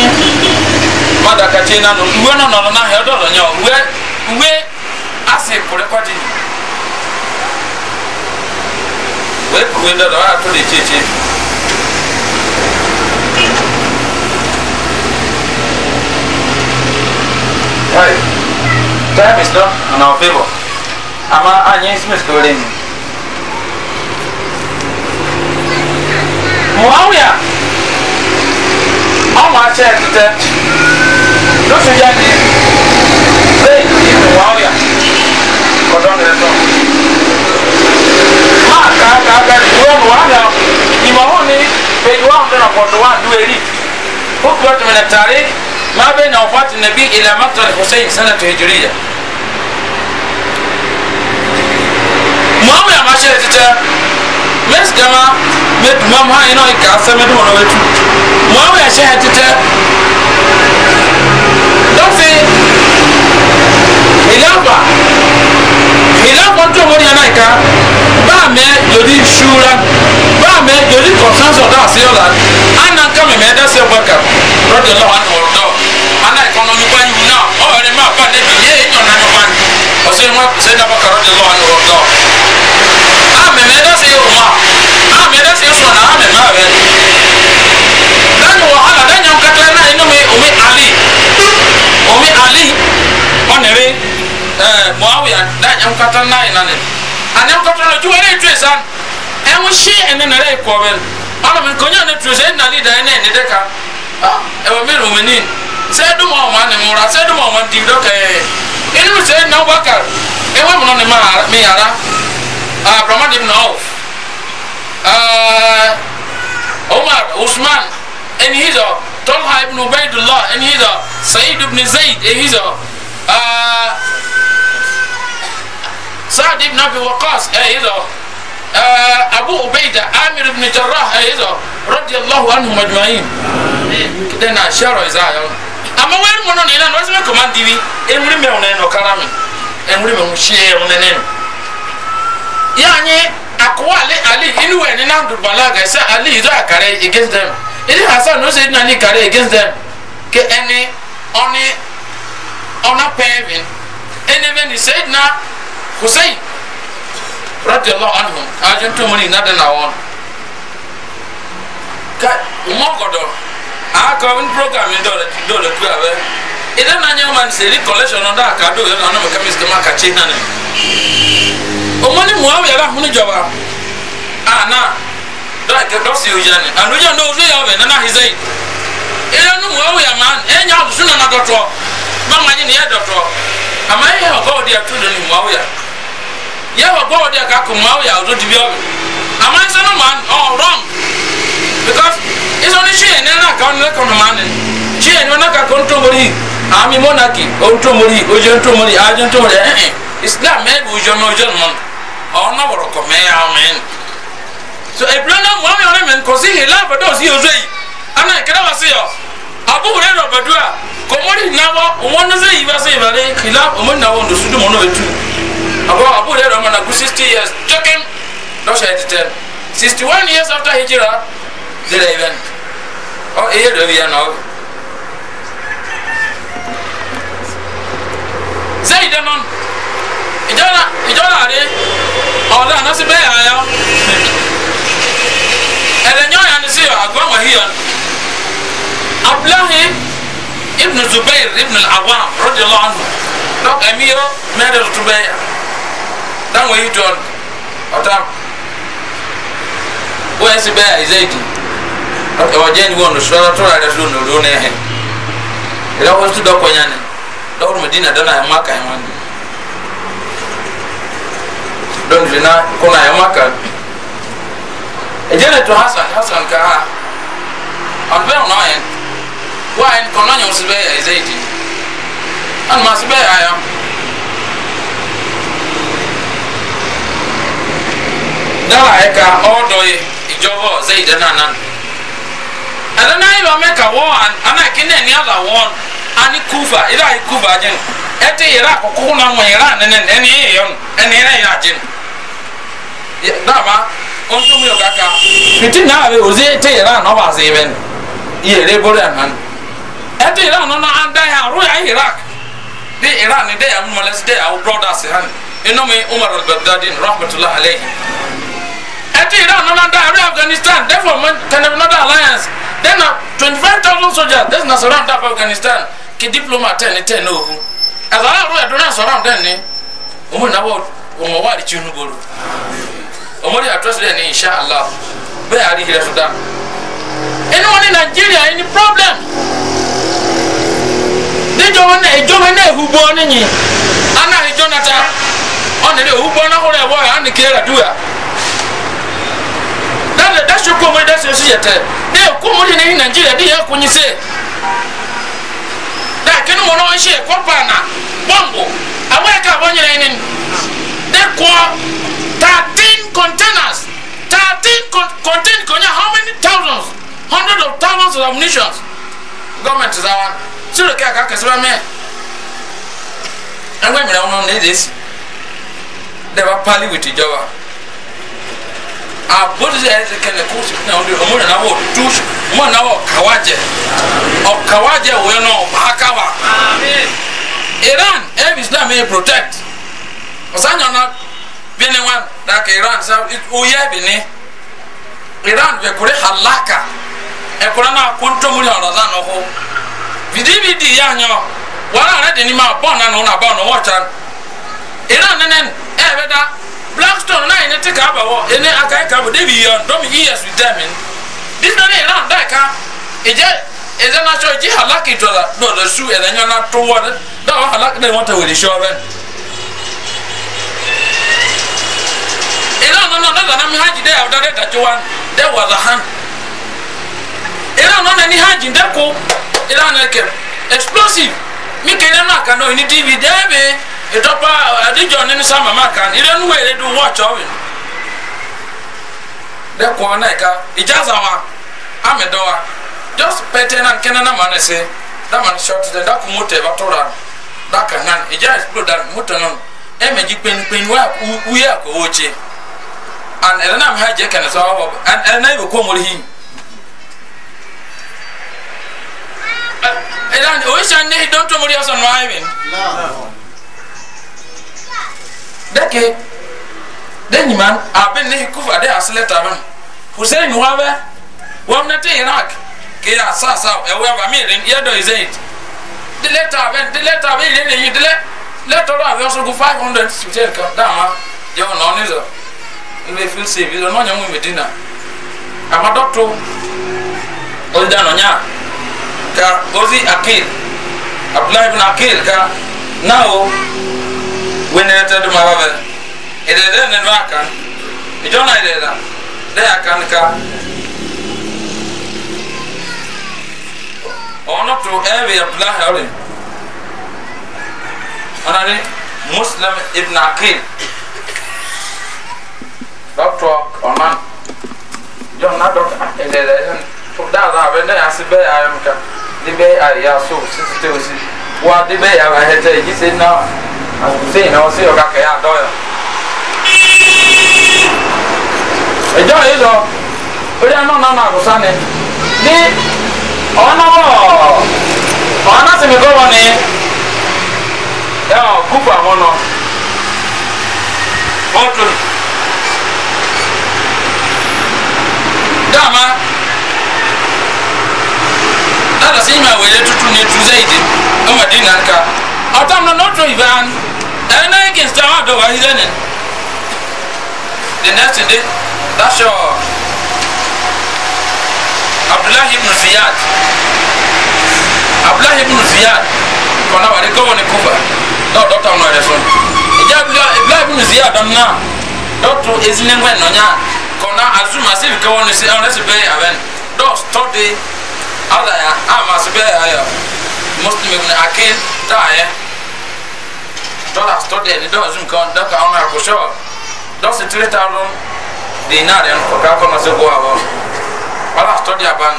madakati nanu uwe nọ nọrọ n'ahịa ọdọdọ nya uwe uwe asị kwụrịkwadi wee kuwe ndọdọ ọ atụ na echeche Right. Time is not in our favor. Ama anyị Smith kọrọ enyi. Muawiya ama akyɛ ɛtetɛ lɔsi gya ni lɛyi yi mu wa ɔya kɔdɔ ne tɔ maa kaa kaa kaa ni wura mu wa ɔya nyima hɔ ni bɛyi wa ɔtɔ na kɔdɔ wa do eri o kura tɛmɛ na taare maa bɛ na ɔfɔ ati na bi ilẹ̀ amatɔ ni hosɛn sɛnɛ tó ediri yɛ mu ɔmu yɛ ama yes gama me mam ha ina ka asa me dum na wetu mo awe ya she hetete dofi hilafa hilafa to mo ni ana ka ba me yodi shura ba me yodi consensus da asiola ana ka me me da se baka radiyallahu anhu warda ana economy kwa ni na o re ma ba ne bi ye to na no ba o se mo se da baka radiyallahu anhu warda amɛmɛ ɛdɛ sɛ yɛwɔ ma amɛ ɛdɛ sɛ yɛsɔ na amɛmɛ awɛ dani wɔ ala dani yɛn kɛtɛ na yi nomi omi ali omi ali ɔnere ɛɛ muawiya dani yɛn kɛtɛ na yi nani ani yɛn kɛtɛ na juwa yɛrɛ tue san ɛmu si ɛnɛ nɛrɛ yɛ kɔɔbɛ ɔnɔ mi nkɔnyɛ ne tue sɛ ɛnali da yɛ ne ɛni dɛ ka ɛwɔ mi rumuni sɛ ɛdum ɔmo animura sɛ ɛdum ɔmo ntibidɔ kɛɛ ɛnum sɛ ɛnɛ ɔbaka ɛwɔ mu nɔ ne ma ara mi yara. Ah, abdulrahman ibn Awf. umar ah, usman ɛni hizɔ tolha ibn ubaidullah ɛni hizɔ sayid ibn zayd ɛni hizɔ ah, saad ibn abi waqas ɛni hizɔ abu ubaida amir ibn jarrah ɛni hizɔ radiyallahu anhu majma'in kidana sharo izayo ama wɛri mu nɔ nina nɔ sɛbɛ kɔman dibi emiri mɛw nɛ nɔ karami emiri mɛw shee mɛnɛ nɔ yani akwa ali ali inu we ni nandu balaga sa ali ido akare against them ili hasan no se nani kare against them ke any oni ona pevin ene be ni sayyidina husayn radiyallahu anhu ajin to moni nada na won ka mo godo a ko un program ni do do le tu ave ile na nyo man se recollection on da ka do yo na no ka mis ke ma ka chi hanen ọmọ ni muawiya la hun jọba ana dọkẹ dọsi oya ni anuja ndo ozu ya ọbẹ nana hizẹ eya nu muawiya man enya osu nana dọtọ bama yi ni yẹ dọtọ ama yẹ wọ bọwọ di atu do ni muawiya yẹ wọ bọwọ di aka ko muawiya odo dibi ọbẹ ama yi sanu man ọ oh, wrong because isọ ni si yẹn nana ka ọ ni lẹkọọ ma ni si yẹn nana ka ko ntomori ami monaki o ntomori ojo ntomori ajo ntomori ẹ ẹ islam ẹ bu ojo na ojo na mọ ɔna wɔrɔ kɔmɛ ya ɔmɛn so ebile na mu ɔmɛ ɔmɛ nkɔsi hila abɛdɛ ɔsi yɛ ɔzɔyi ana ekele wa se yɔ abubuwe yɛ ɔbɛdu a kɔmɔdi nabɔ wɔn ne se yi ba se yi ba de hila ɔmɔdi nabɔ ndosu dumu ɔno etu abɔ abubuwe yɛ ɔmɛ na ku sixty years jɔkin dɔsɛ ɛdi tɛ sixty one years after hijira zera yi bɛn ɔ eye dɔ bi ya na ɔbi zayi dɛ nɔn ìjọba ìjọba rẹ ọ̀dà náà sì bẹ́ẹ̀ ayọ́ ẹ̀rẹ̀nyẹ́ ọ̀yà ni sí àgbọ̀n wà híyà abdullahi ibn zubair ibn al-awam rọ́jò lọ́nù dọ́k ẹ̀mí yọ mẹ́rin tó bẹ́ẹ̀ dáhùn èyí jọ ọ̀tá wọ́n sì bẹ́ẹ̀ àìsèjì ọ̀jẹ́ ni wọ́n sọ́ra tó rà rẹ̀ lónìí lónìí ẹ̀hìn ìdáwọ́sí dọ́kọ̀ yẹn ni dọ́kọ̀ mẹ́dínà dáná ẹ̀ má kà ẹ̀ wọ́n ni. don na kuna ya maka to hasan hasan ka ha on na no wa ayen kono nyo sibe ya zaidi an ma sibe ya dala e odo ye ijobo na nan ana na iba me wo an ana kine ni ala won ani kufa ila kufa jen ete ira mo ira nene nene dama onso mu yoga ka fiti na abe ozi te yera na ba ze ben yere bore anan e te yera no na anda ya ru ya iraq de iran de ya mu males de our brothers han eh, ino me umar al baghdadi rahmatullah alayhi e te yera no na anda ya afghanistan therefore man ten another alliance then 25000 soldiers that's na surround up afghanistan ki diplomat ten eh, ten eh, ohu azara ru ya do na surround den ni umu na wo wo wa ri chinu boro omori atosire ni insha allah bẹẹ ari hira sudan inú wọn ní nàìjíríà yìí ní problem níjọba náà ìjọba náà ìhùbọ nìyí aná ìjọnata ọ̀nà ìlú ìhùbọ náà kúrò ẹ̀wọ̀ yà á nìkẹ́ ẹ̀dúwà dáadáa dáṣọ kó omori dáṣọ sí yẹtẹ dẹ kó omori ní nàìjíríà dí yẹ kó nyi sè dáa kí ni wọn náà ń ṣe ẹ̀kọ́ paana bọ́ǹbù àwọn ẹ̀ka àbọ̀ nyẹ̀rẹ̀ yìí ni dẹ kọ́ tààtí containers thirteen con contain konya how many thousands hundreds of thousands of munitions? government is our sori kí a kà kẹsí bá mẹ ẹgbẹ́ mìíràn wọn ní ìdí sí dẹ́ bá pálí wìtì ìjọba àbójútó ẹ̀ ṣe kẹlẹ̀ kó sì náà ọdún ọmọ ìrànlọ́wọ́ ọdún ọmọ ìrànlọ́wọ́ ọ̀kàwájẹ ọ̀kàwájẹ òwe náà ọ̀bàákàwà iran ẹ̀ bí islam ẹ̀ protect ọ̀sán yàn náà bini wan daka iran sa uye bini iran be kure halaka e kure na konto muri araza no ho bidi bidi ya nyo wala ara de ni ma bon na no na bon no wacha iran nene, e be da blackstone na ine tika ba wo ene aka ka bo de bi yo ndo mi yes with them this na iran da ka eje eje na cho ji halaki to da no da su e da nyo na to wa da halaki de won ta we ben ira no no na na mi haji de awda de tajuwan de wadahan ira no na ni haji de ko ira na ke explosive mi ke na ka no ni tv de be itopa adijo ne ni sama maka ira nu wele du watch owe de ko na ka ijaza wa amedowa just pete na kena na manese da man short de da ku mote batora da ka nan ija explode da moto non emeji penpen wa uye ko oche an ɛna nam ha gye kɛnɛ sɛ ɔwɔ an ɛna yɛ kɔ mɔri hin ɛna o yi sɛn ne dɔn tɔ mɔri yɛ sɔn nɔɔ ayi dɛke dɛ nyima a bɛ ne kufa dɛ asile ta ban hussein nuwa bɛ wɔm na te iraq ke a sa sa ɛwɛ ba mi yɛ dɔ yi zɛyi dile ta bɛ dile ta bɛ yɛ ne yi dile lɛ tɔrɔ a bɛ sɔrɔ ko five hundred sutɛri kan dama jɛ o nɔɔni zɔrɔ ime feel safe ɔno ɔnyɛ ŋun medina ama dɔto ɔdi da nɔnya ka ɔzi akil abdullahi bin akil ka nao wɛnɛrɛ tɛ duma ba bɛ ɛdɛ dɛ nɛ nua kan ìjọ náà ɛdɛ la dɛ yà kan ka ɔno to ɛbi abdullahi ɔri ɔnari muslim ibn akil. dɔktɔ ɔnan jɔn na dɔk ɛdɛdɛ ɛn daa daa bɛ ne ase bɛ ayɛ mu ka de bɛ ayɛ aso sisi te o si wa de bɛ yɛ ahɛ yi se na se na o yɔ ka ya yɛ adɔ yi lɔ o de ɛnɔ nana agusa ni ni ɔna bɔ ɔna simi gɔbɔ ni ɛ ɔ ɔtun. dama ala sɛ ima wele tutu ne tu zaidi ɔma di nanka ɔtam no nɔtɔ ivan ɛna yɛkin sɛ wa dɔ wa hizɛnin the next day that's your abdullah ibn ziyad abdullah ibn ziyad kɔnɔ wa de gɔwɔ ne kuba dɔw dɔ tam nɔ yɛrɛ sɔn ɛdi abdullah ibn ziyad dɔn na dɔw to ezinen kɔnɔ azuma se ka wɔn se ɔn ɛsɛ bɛyɛ abɛn dɔs tɔde ala ya ama se bɛyɛ ayɔ muslim ibn akin taa yɛ dɔla tɔde ni dɔs zum kan dɔka ɔn akosɔ dɔs tiri taa lɔn dinar yɛn kɔ kaa kɔnɔ se bɔ awɔ wala tɔde aban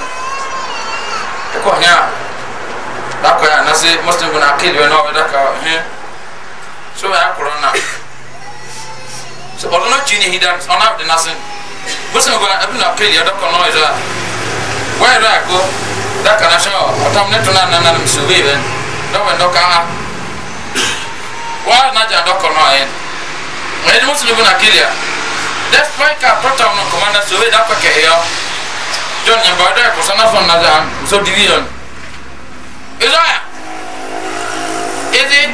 ekɔ hɛn a dakɔ yɛ anase muslim ibn akin yɛ n'ɔbɛ daka hɛn so yɛ akɔrɔ na so ɔlɔnɔ kyi ni hidan ɔnabdi nasin bosan gwa abin apil ya doko no iza wai ra ko da kana sha otam ne tuna na na msubi ben do wen do ka wa na ja doko no ayen wai ni musu buna kilia that's why ka prota no komanda subi da pa ke yo don ya ba da ko sana fon na ja so division iza is it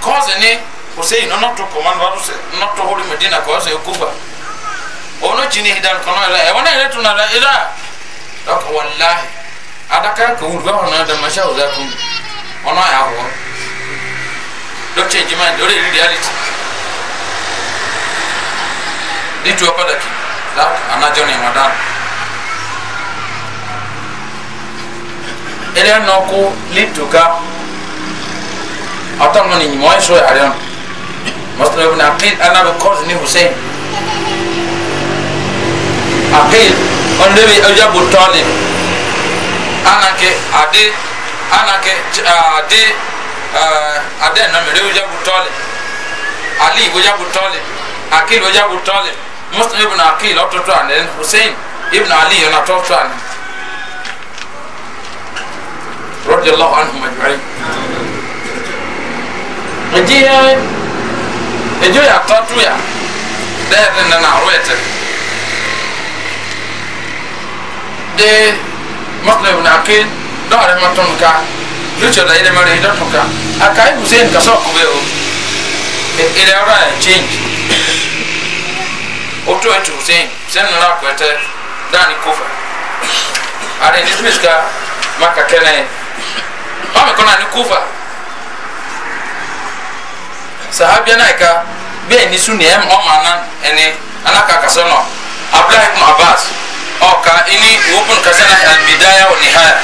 cause ni Hussein, not to command, not to hold Medina, cause you Cuba ono chini hidan kono la e wona ile tunala ila dok wallahi adaka ko wurba ona da masha uzakum ono ya ho do change man do reality ditu apada ki la anajoni wadan ele noko lituka atamani ni moyo so ariam Mustapha ibn Aqil ana bi Qazi ni Hussein aqil on debe oja butoni anake ade anake uh, ade uh, ade na mere oja butoni ali oja Akil aqil oja butoni muslim ibn Akil, ototo anen hussein ibn ali ona toto anen radiyallahu anhum ajma'in ejiye eh, ejo ya tatu ya dɛɛdɛ nana a wɛtɛ de muslim na ke dɔwɛrɛ ma ka richard ayi dɛmɛ rɛ dɔn ka a ka e ka kube o ele e ya e change o to yɛ to hussein hussein nana kɔɛtɛ daani kofa ale ni ka ma ka ya. maa mi n'a ka bɛɛ ni su ni ma na nan ana ka abbas. أوكا إني وبن كسنة البداية والنهاية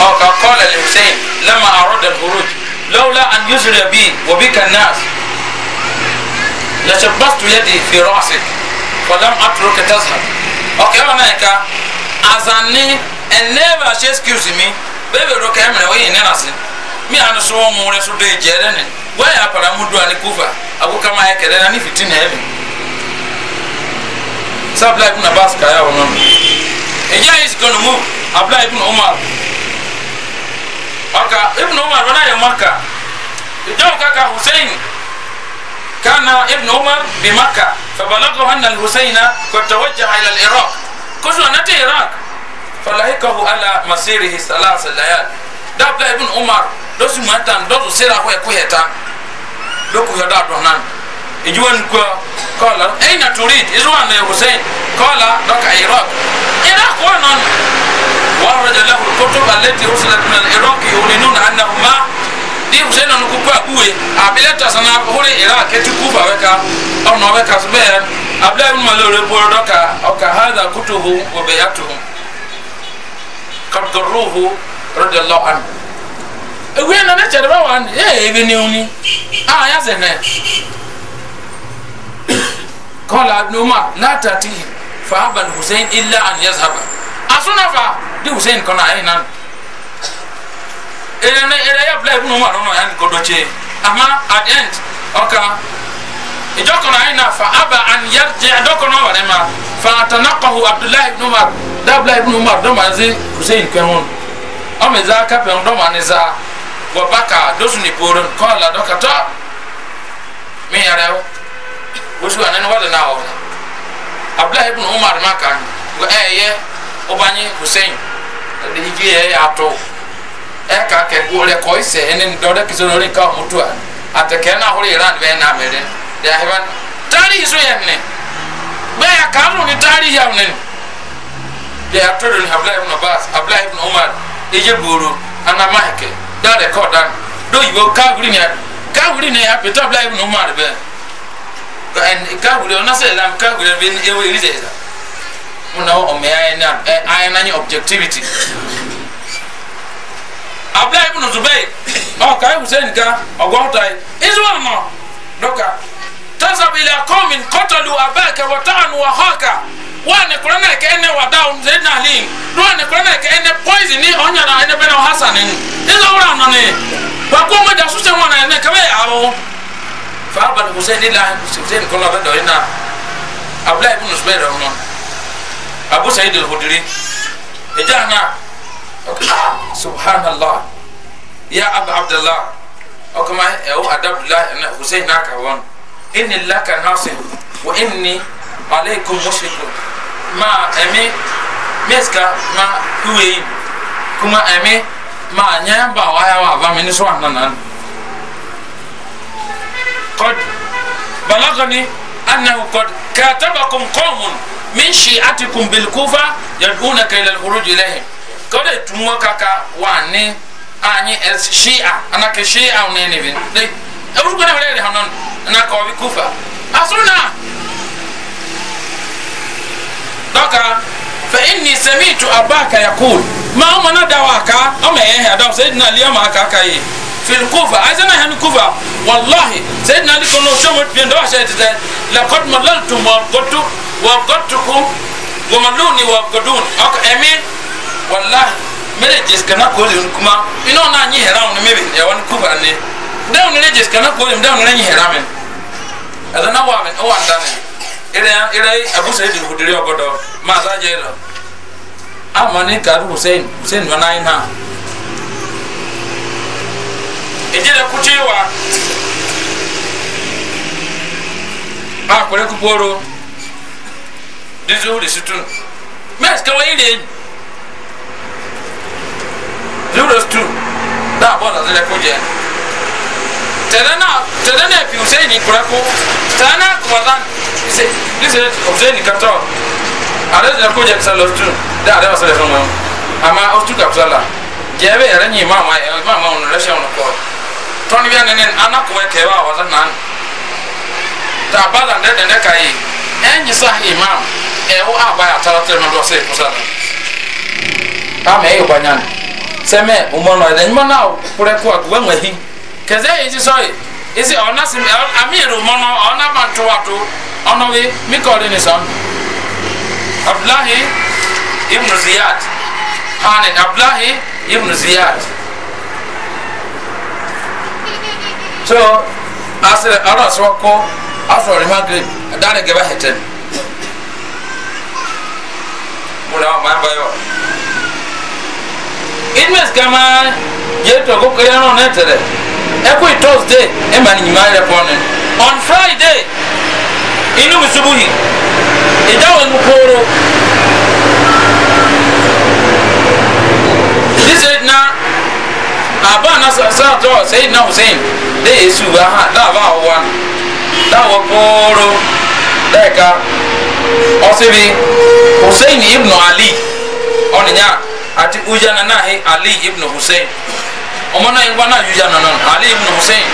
أوكا قال لحسين لما أراد الخروج لولا أن يسر بي وبك الناس لشبست يدي في رأسك ولم أترك تذهب أوكي أنا كا أزاني and never she excuse me baby roka emre wey ne nase mi anu so mu re so de jere ne wa ya mu do ani kufa abu kama ya kere na ni fitina ebe sabla ibn abbas ka ya wa ìjà yìí sì kọ́nù mú abúlé ibùn umar ọkà ibùn umar wọn náà yẹ maka ìjọba kaka hussein kana ibùn umar bí maka fabalago hanan hussein kọtawajja ilal iraq kóso anate iraq falahikahu ala masirihi salasa layal dabla ibùn umar lọsi mu atan dọtun sera hó ẹkú yẹ ta lóku yọ dá dùn náà ìjọba nìkú kọlá ẹyìn nàtúrìd ìzúwà hussein kọlá dọkà iraq. إلى قوانا وأورد له الكتب التي أرسلت من العراق يعلنون أنهما di hussein nu kuku akuwe abile tasana hore ira keti kufa weka ono weka sube abla ibn malore poro doka oka hadha kutuhu wa bayatuhu kabduruhu radiyallahu anhu ewe ebe ni uni ya zene kola la tatihi fa abal hussein illa an yazhaba asuna fa di hussein kɔnɔ ayi nan ere ne ere ya bila ibunu umar ɔnɔ yan ama at end ɔka ìjọ kɔnɔ ayi na fa aba an yarjɛ ɛdɔ kɔnɔ wɛrɛ ma fa atanakahu abdullahi ibnu umar dabila ibnu umar dɔ ma ze hussein kɛhun ɔmɛ za kapɛn dɔ ma ne za wa baka dosu ni poro kɔla dɔ ka tɔ mi yɛrɛ wosu na abdullahi ibn umar ma eh, eh, eh, kan ko ɛ yɛ ɔbanye hussein ɛdi hijiri yɛ ato ɛ ka kɛ ko lɛ kɔ isɛ ɛni dɔwɛrɛ kisɛ lori ka mutu a atɛkɛ na hori iran bɛ na mɛrɛ de ahiba taari so yɛ nɛ bɛɛ a kan ni taari yɛ nɛ de ato do ni abdullahi ibn abbas abdullahi ibn umar eje buuru ana ma hɛkɛ da de kɔ dan do yiwo kaawiri ni kaawiri ni apɛtɛ abdullahi ibn umar bɛɛ. kagure ona se la kagure bin ewe ni se la na o me ay na ay na ni objectivity abdai ibn zubay o kai hussein ka ogwata israel no doka tazab ila qaumin qatalu nọ, wa ta'anu wa haka wane kura na ke ene wada on na wane kura na ke ene poison ni na wura ne mo faaba ni hussein ni lahi hussein kɔlɔ bɛ dɔɔni na abdulayi bin zubair rɛ ɔnɔ abu sayid al-hudiri ɛjaa ah, na subhanallah ya abu abdallah ɔkama ɛwɔ adabdulayi ɛnɛ hussein n'a ka wɔn inni laka nasir wa inni aleikum mushrikun ma ɛmi meska ma huweyin kuma ɛmi ma nyɛ ba wa ya wa ba mi ni so wa nanan. قد بلغني أنه قد كاتبكم قوم من شيعتكم بالكوفة يدعونك إلى الخروج إليهم كده تموكك واني أني الشيعة أنا كشيعة ونيني بين ليه أقول كنا ولا يهمنا أنا كوفي كوفة أصلنا دوكا فإني سمعت أباك يقول ما أمنا دواك أما إيه هذا سيدنا اليوم أكاكا إيه fil kufa azana han kufa wallahi sayyidina ali kono somo bien do sa tete la qad malaltum wa qattu wa qattukum wa maluni wa qadun ak amin wallahi mele jiska na ko lin kuma ino na nyi hera on mebe ya wan kufa ne dawo ne jiska na ko lin dawo ne nyi hera men azana wa men o andane ire ire abu sayyid hudri ogodo ma za je lo amani karu hussein hussein wana ina ejele kutewa akore ah, kuporo dizuri situn mes kawa ile zero stu da bona zile kuje tena tena ne pi useni kurako tena kumadan ise dise useni kato ale zile kuje kusala stu da ale wasale fomo ama ostu kapsala jebe yaranyi mama mama unalesha unakoa tɔni bia nene ana kɔɛ kɛɛ wa wɔsɛ nan ta bala ndɛ dɛndɛ ka ye ɛnyi sa imam ɛwɔ aba ya tara tɛrɛ ma dɔ sɛ kusa la ama ɛyɛ ba nyane sɛmɛ umɔnɔ ɛdɛ nyuma na kura kɔ aguwa ŋa hi kɛsɛ yɛ ti sɔye esi ɔna si ami yɛrɛ umɔnɔ ɔna ma to wa to ɔna bi mi kɔɔri ni sɔn abdulahi ibnu ziyad hanin abdulahi ibnu ziyad. so asɛ ɔna sɛ ɔkɔ afɔre magreb adane gɛba hɛtɛm muna wa maa bayɔ inmes kama yɛ tɔ ko kɛyɛ nɔ nɛ tɛrɛ ɛkò thursday ɛ ma ni nyima yɛrɛ pɔnne on friday inu musubuhi ìdáwọn kóró. aba na sa to sai na hussein da yesu ha da ba wa da wa poro da ka hussein ibn ali on nya ati na ali ibn hussein ọmọ náà yẹn na ujana na ali ibn hussein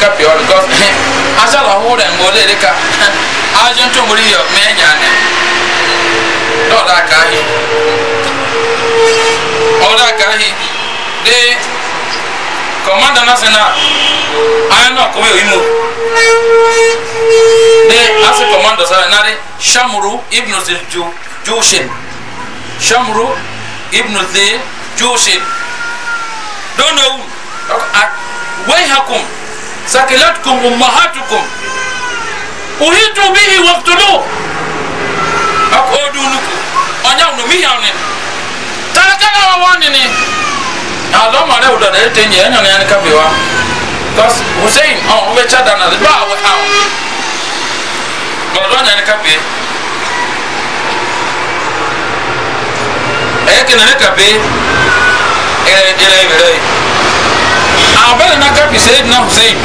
kapi asala ọhụrụ ẹ mgbe dị ka mee dɔɔda kahi ɔda kahi de kɔmanda na sena ayan na kɔmɛ oyi mu de ase kɔmanda sa na de shamuru ibnu zilju jushin shamuru ibnu zilju jushin dondo wu wai hakum sakilatkum ummahatukum uhitu bihi waqtuluhu odu nuku ɔnya no mi yaw ne taaka na wa wani ne alɔ ma rɛ wula da ete nyɛ ɛnyɛ ne ka bi wa kɔs hussein ɔn o bɛ kya da na de ba awɔ ha ɔlɔdɔ nyɛ ne ka bi ɛyɛ kene ne ka bi ɛyɛ ɛyɛ na ka bi seyidina hussein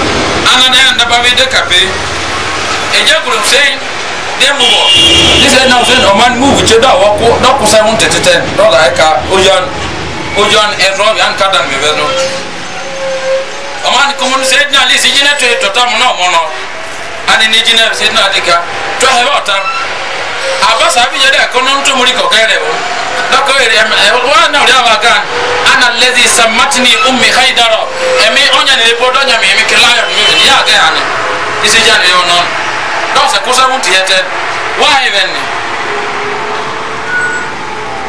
ana ne yɛ ndaba bi de ka bi ɛgya kuro hussein jisɛ na sɛ ɔman mu wutse do awɔ ko dɔ kusa ŋun tɛtɛtɛ dɔla yɛ ka ojan ojan ɛdrɔ yan ka dan mɛ bɛ do ɔman kɔmɔn sɛ dina ali si jinɛ to ye tɔta mun ani ni jinɛ sɛ dina ali ka tɔ hɛ bɔ tan a ba sa bi yɛ dɛ kɔnɔ n tumuli kɔ kɛ o dɔkɔ yɛrɛ ɛ wa na o de y'a ana lɛdi samatini umi haidara ɛmi ɔnyɛ ne bɔ dɔ ɲami ɛmi kɛlɛ ayɔ mi y'a kɛ yan ne isi jan dɔw sɛ kosɛbɛ tiɲɛ tɛ waa yi bɛ ni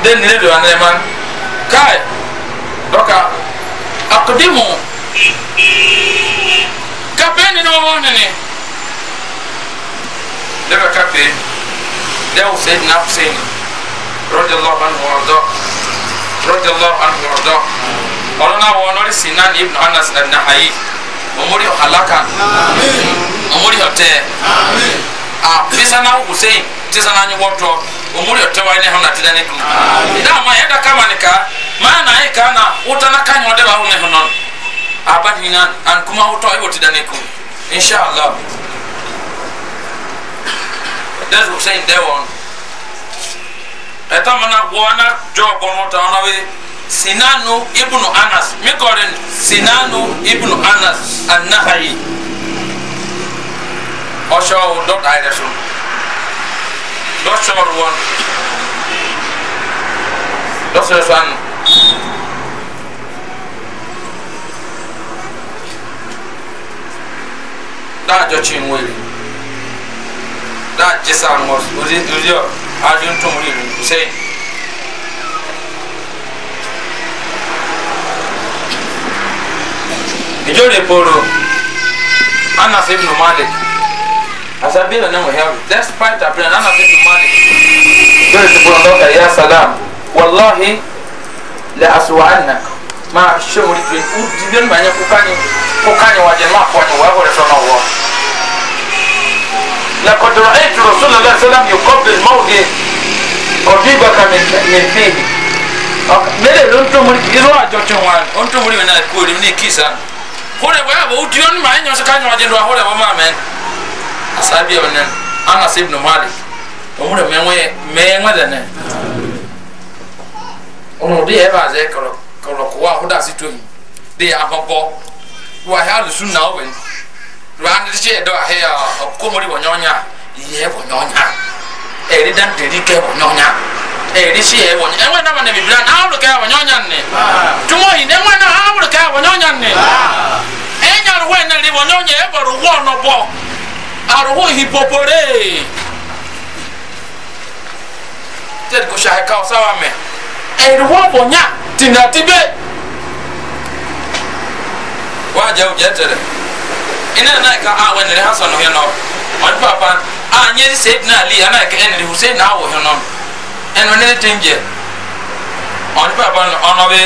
den nire do anɛ man kai dɔka akadimu ka bɛn ni n'o wɔn nini ne bɛ ka pe dɛw sɛ na sen rɔdi lɔɔ anu wɔrɔ dɔ rɔdi lɔɔ anu wɔrɔ ibnu anas ɛnahayi omori halaka omori hote a bisana ah, hussein tisana nyi woto omuri otewa ne hona tidane kun da ma yada kama ne ka ma na na uta na kanyo de ba hone honon abani na an kuma uto ibo tidane kun insha Allah That hussein dewon eta mana wana jogo no ta ona we sinanu ibnu anas mi sinanu ibnu anas anahayi ɔsɔɔ dɔ ta yɛrɛ so dɔ sɔɔri wɔn dɔ sɔɔri so anu daa jɔ tsi nwere daa jisa ŋɔ ozi ozi ɔ adi ntomri sɛyin. ijore poro anas ibn malik asabi na nemu health despite appearance anas ibn malik ijore ti poro ndoka ya salam wallahi la aswa'anna ma shomuri pe udiben banya kukani kukani wa jamaa kwa ni wa hore sona wa لقد رأيت رسول الله صلى الله عليه وسلم يقبل موضع أجيبك من من فيه. ماذا أنتم مريض؟ إذا أجتمعون أنتم مريض من الكوري من كيسان. hore wa wa udion ma nyo se kanyo ajin do hore wa ma men asabi onen ana sib no mali o hore me we me ngwa de ne ono de e ba ze koro koro ko wa hoda situ mi de agogo wa ha lu sunna o wen wa an de che do he ko nyonya ye nyonya e ri dan de ri ke nyonya eri si ye won enwe na bana bibira na awro ka won nyonya ne tumo hi enwe na awro ka won nyonya ne enya ro we na ri won nyonya e boru wo no bo aro wo hi popore ted ko shahe ka osawa me eri wo bonya tinatibe wa jaw jetere ina na ka a wen ne hasan ho no on papa a nyeri sayyidina ali ana ka en ri hussein na wo ho no ɛnu ne ti ń jɛ ɔni baba ni ɔnɔ bi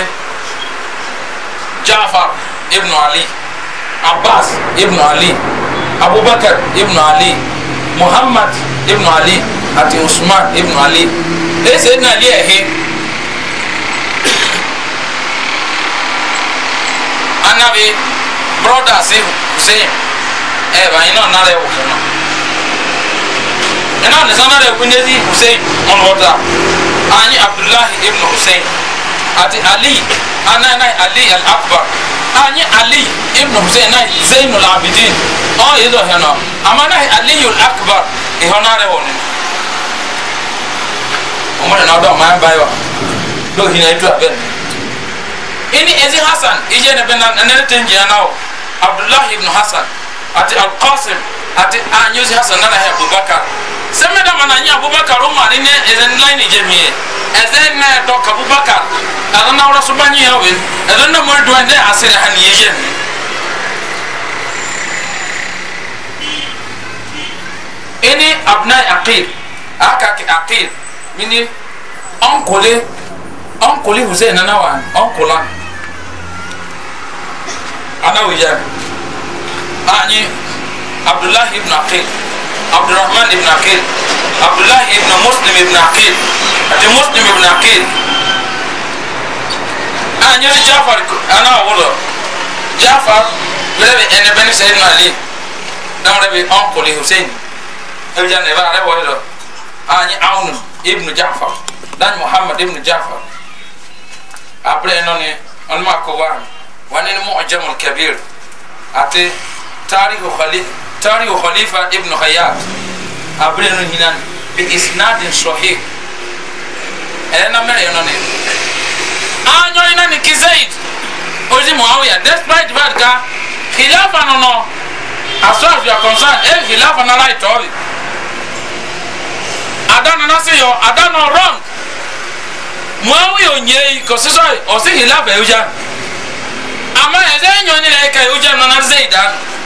jaafar ibnu ali abbas ibnu ali abubakar ibnu ali muhammad ibnu ali àti usman ibnu ali ɛsɛ ibnu ali ɛhe anabi broda hussein ɛ bàyìn náà nàrẹ wò fún náà ɛna ne sana dɛ ko nyezi hussein ɔno ɔda anyi abdullahi ibn hussein ati ali ananai ali al-akbar anyi ali ibn hussein nai zainu al-abidin ɔn yi dɔ hɛnɔ ama nai ali al-akbar ihɔ naare wɔ ne ɔmo de na ɔdɔ ɔmo ayɛ ba yi wa do hinɛ etu abɛn ini ezi hasan ije ne bɛ ne ne te abdullahi ibn hasan ati alqasim ati anyusi ah, hasan nana he abubakar sɛmɛ dama na nye abubakar umar ne ɛzɛn lai ne jɛmiɛ ɛzɛn na dɔ ka abubakar ɛzɛn na wɔrɔ soba nyi yawe ɛzɛn na mɔri dɔn ne asɛrɛ ha ne yɛyɛ ne ini abnai aqil aka ki aqil mini onkole onkole hussein nana wa onkola ana wuya anyi abdullahi ibn aqil abdurrahman ibn aqil abdullahi ibn muslim ibn aqil ati muslim ibn aqil anyi ni jafar ana wolo jafar bere bi ene bene sayyidina ali dan rebi Uncle hussein ebi jan ne ba re wo lo anyi ibn jafar dan muhammad ibn jafar après non ne on ma ko wa wa ne mu'jamul kabir ati tarihu khalifa tarihu khalifa ibn hayat abire no hinan bi isnadin sahih ɛna mɛrɛ yɛ nɔne anyɔri na ni kizaid ozi muawiya despite bad ka khilafa no no as far as you are concerned eh khilafa na right all adana na se yɔ adana wrong muawiya onyeyi kɔsi sɔri ɔsi khilafa yɛ ojan ama ɛzɛ nyɔni lɛ ka o jɛ nana zɛyi da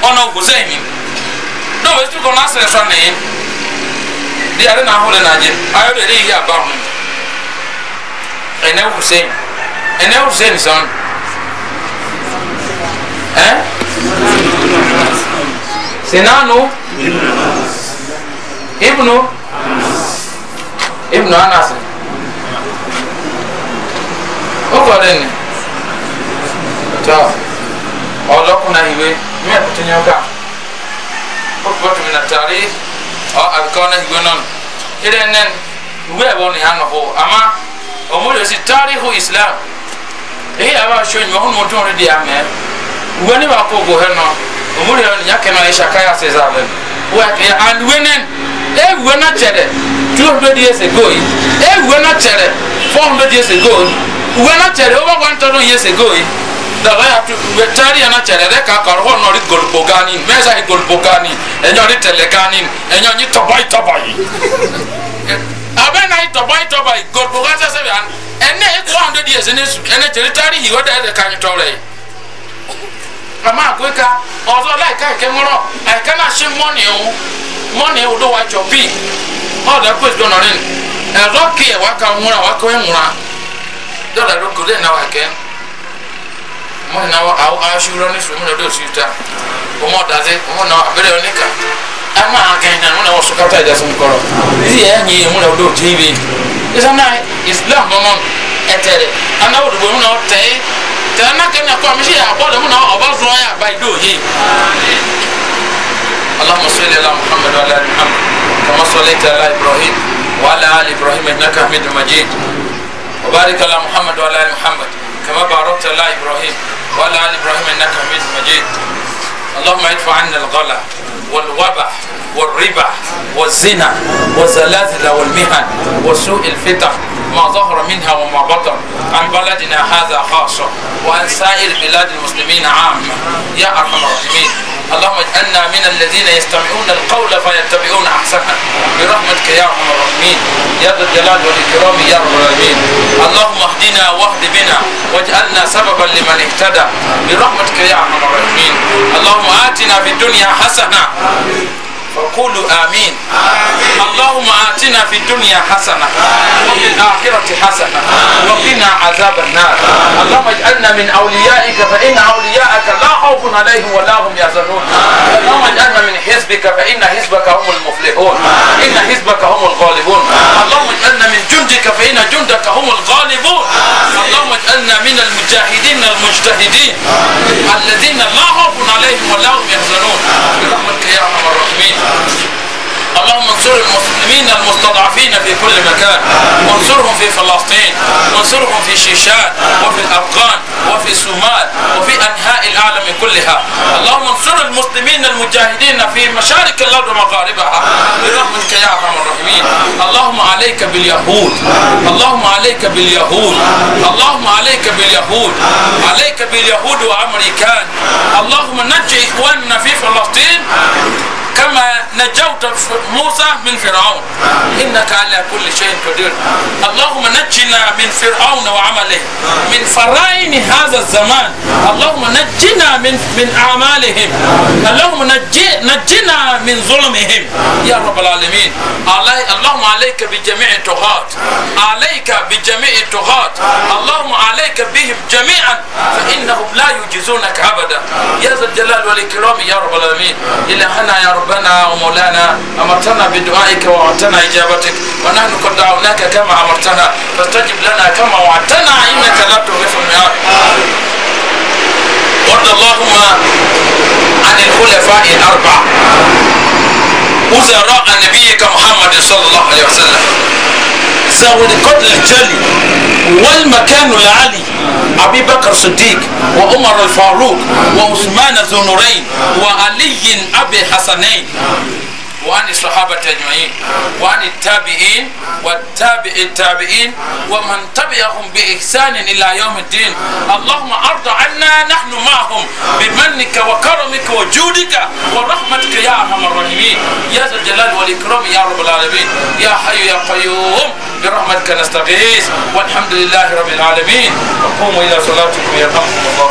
ɔnɔ go zɛyi mi dɔw bɛ tukɔ n'a sɛrɛ sɔn ne ye di ale n'a hɔlɛ n'a jɛ ayɔ de yi a ba hun ɛnɛ hussein ɛnɛ hussein sɔn ɛ sinanu ibnu ibnu anasi o kɔ de ni ta odo kuna hiwe me kutenyo ka okubatu mina tari o abikona hiwe non ire nen we bo ni hano ho ama omuri si tarihu islam e aba sho nyo hono to re dia me we ni ba ko go he no omuri ni nyake no isha kaya se za ben we ke and we nen e we na chere 200 years ago e we na chere 400 years ago we na chere over 1000 years ago daga ya tu be tari yana chere de ka kar ho no ri gol bogani meza i gol bogani enyo ri tele gani enyo ni tobai tobai abe na i tobai tobai gol bogata se an ene e 200 years ene ene chere tari hi oda de kan tore ama ko ka ozo lai ka ke ngoro ai kana shi money o money o e do wa chopi o da ko do no ren e roki e wa ka ngura wa ko ngura do da ro ko de na wa ke mo na wa awo ashura ni sumu na do sita o mo da ze mo na abere oni ka ama again na mo na wasu kata da sun koro zi ya nyi mo na do jibi isa na islam mo mo etere ana wo do mo na te te na ke na ko mi ya ko do mo na oba zo ya ba do yi اللهم صل على محمد وعلى ال محمد كما صليت على ابراهيم وعلى ال ابراهيم انك حميد مجيد وبارك على محمد وعلى ال محمد كما باركت على إبراهيم وعلى آل إبراهيم إنك حميد مجيد اللهم ادفع عنا الغلا والوبح والربا والزنا والزلازل والمهن وسوء الفتح ما ظهر منها وما بطن عن بلدنا هذا خاصة وعن سائر بلاد المسلمين عامة يا أرحم الراحمين اللهم اجعلنا من الذين يستمعون القول فيتبعون احسنه برحمتك يا ارحم الراحمين يا ذا الجلال والاكرام يا رب العالمين اللهم اهدنا واهد بنا واجعلنا سببا لمن اهتدى برحمتك يا ارحم الراحمين اللهم اتنا في الدنيا حسنه فقولوا آمين, آمين. اللهم آتنا في الدنيا حسنة وفي الآخرة حسنة وقنا عذاب النار اللهم اجعلنا من أوليائك فإن أوليائك لا خوف عليهم ولا هم يحزنون اللهم اجعلنا من حزبك فإن حزبك هم المفلحون إن حزبك هم الغالبون اللهم اجعلنا من جندك فإن جندك هم الغالبون اللهم اجعلنا من المجاهدين المجتهدين الذين لا خوف عليهم ولا هم يحزنون برحمتك يا ارحم الراحمين اللهم انصر المسلمين المستضعفين في كل مكان وانصرهم في فلسطين وانصرهم في شيشان وفي الأفغان وفي الصومال وفي أنحاء العالم كلها اللهم انصر المسلمين المجاهدين في مشارق الأرض ومغاربها برحمتك يا أرحم الراحمين اللهم عليك باليهود اللهم عليك باليهود اللهم عليك باليهود عليك باليهود وأمريكان اللهم نجي إخواننا في فلسطين كما نجوت موسى من فرعون آه. إنك على كل شيء قدير اللهم نجنا من فرعون وعمله من فرائن هذا الزمان آه. اللهم نجنا من من أعمالهم آه. اللهم نجنا من ظلمهم يا رب العالمين اللهم عليك بجميع التغاة عليك بجميع التغاة اللهم عليك بهم جميعا فإنهم لا يجزونك أبدا يا ذا الجلال والإكرام يا رب العالمين هنا يا رب ربنا ومولانا أمرتنا بدعائك ووعدتنا إجابتك ونحن قد دعوناك كما أمرتنا فاستجب لنا كما وعدتنا إنك لا تغيث الميعاد وارض اللهم عن الخلفاء الأربعة وزراء نبيك محمد صلى الله عليه وسلم زاوي القدر الجلي والمكان العلي أبي بكر الصديق وعمر الفاروق وعثمان ذو نورين وعلي أبي حسنين وعن الصحابة أجمعين وعن التابعين والتابع التابعين ومن تبعهم بإحسان إلى يوم الدين اللهم أرض عنا نحن معهم بمنك وكرمك وجودك ورحمتك يا أرحم الراحمين يا ذا الجلال والإكرام يا رب العالمين يا حي يا قيوم برحمتك نستغيث والحمد لله رب العالمين وقوموا إلى صلاتكم يرحمكم الله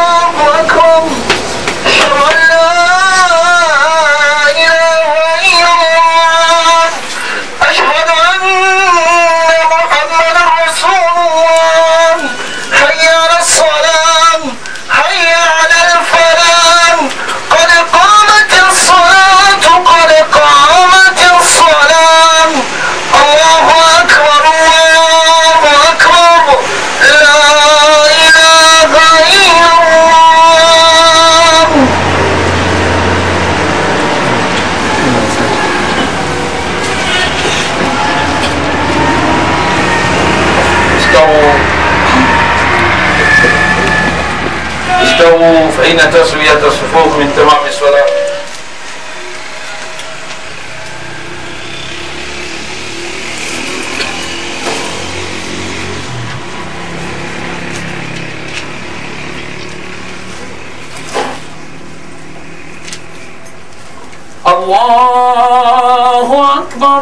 فإن تسوية الصفوف من تمام الصلاة الله أكبر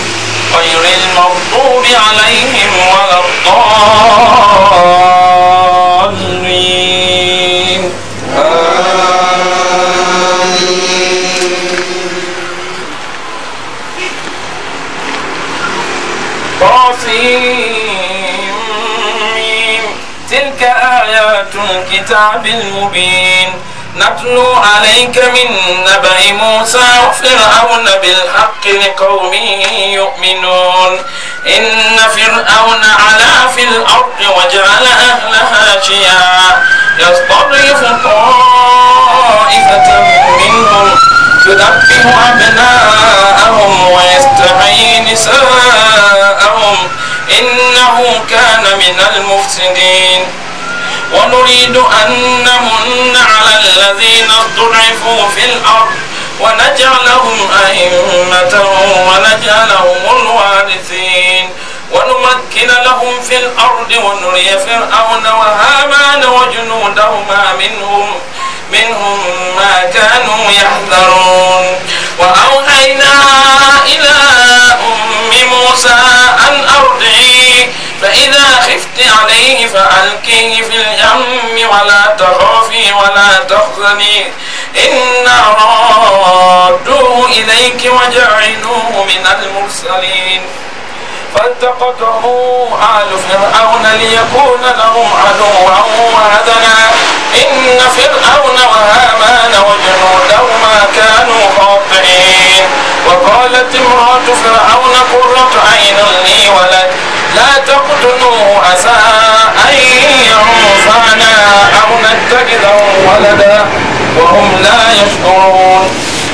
غير المغضوب عليهم ولا الضالين آمين تلك آيات الكتاب المبين نتلو عليك من نبأ موسى وفرعون بالحق لقوم يؤمنون إن فرعون علا في الأرض وجعل أهلها شيعا يستضعف طائفة منهم تذبح أبناءهم ويستحيي نساءهم إنه كان من المفسدين ونريد أن نمن على الذين ضعفوا في الأرض ونجعلهم أئمة ونجعلهم الوارثين ونمكن لهم في الأرض ونري فرعون وهامان وجنودهما منهم منهم ما كانوا يحذرون وأوحينا إلى أم موسى فإذا خفت عليه فألقيه في اليم ولا تخافي ولا تحزني إنا رادوه إليك وجعلوه من المرسلين فالتقطه آل فرعون ليكون لهم عدوا وهدنا إن فرعون وهامان وجنودهما كانوا خاطئين وقالت امرأة فرعون قرة عين لي ولك لا تقتلوه عسى أن ينفعنا أو نتخذه ولدا وهم لا يشكرون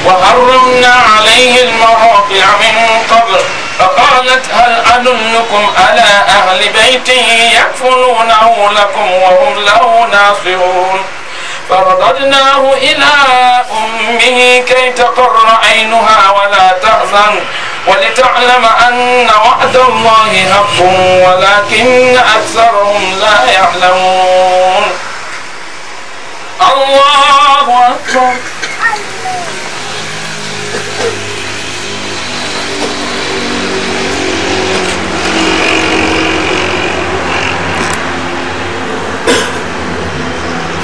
وحرمنا عليه المراقع من قبل فقالت هل أدلكم على أهل بيته يكفلونه لكم وهم له ناصرون فرددناه إلى أمه كي تقر عينها ولا تحزن ولتعلم أن وعد الله حق ولكن أكثرهم لا يعلمون الله أكبر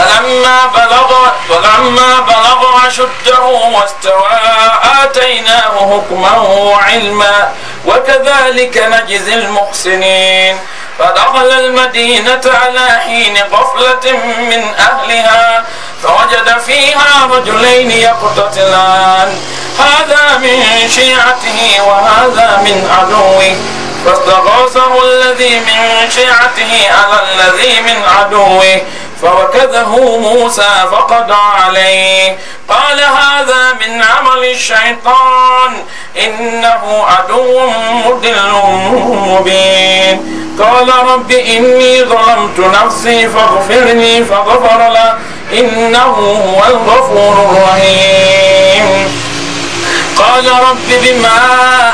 فلما بلغ فلما بلغ أشده واستوى آتيناه حكما وعلما وكذلك نجزي المحسنين فدخل المدينة على حين غفلة من أهلها فوجد فيها رجلين يقتتلان هذا من شيعته وهذا من عدوه فاستغاثه الذي من شيعته على الذي من عدوه فركذه موسى فقضى عليه قال هذا من عمل الشيطان إنه عدو مضل مبين قال رب إني ظلمت نفسي فاغفرني فغفر له إنه هو الغفور الرحيم قال رب بما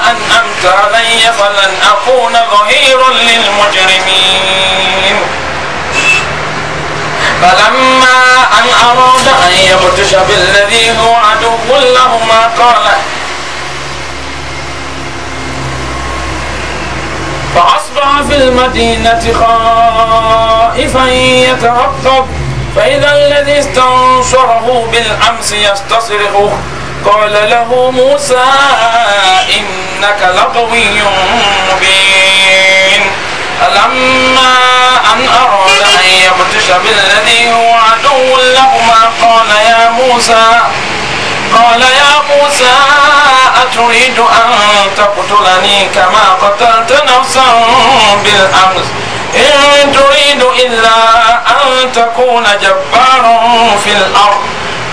أنعمت علي فلن أكون ظهيرا للمجرمين فلما أن أراد أن يبتش بالذي هو عدو لهما قال فأصبح في المدينة خائفا يترقب فإذا الذي استنصره بالأمس يستصرخه قال له موسى إنك لقوي مبين فلما أن أراد أن يبتش بالذي هو عدو لهما قال يا موسى قال يا موسى أتريد أن تقتلني كما قتلت نفسا بالأمس إن تريد إلا أن تكون جبارا في الأرض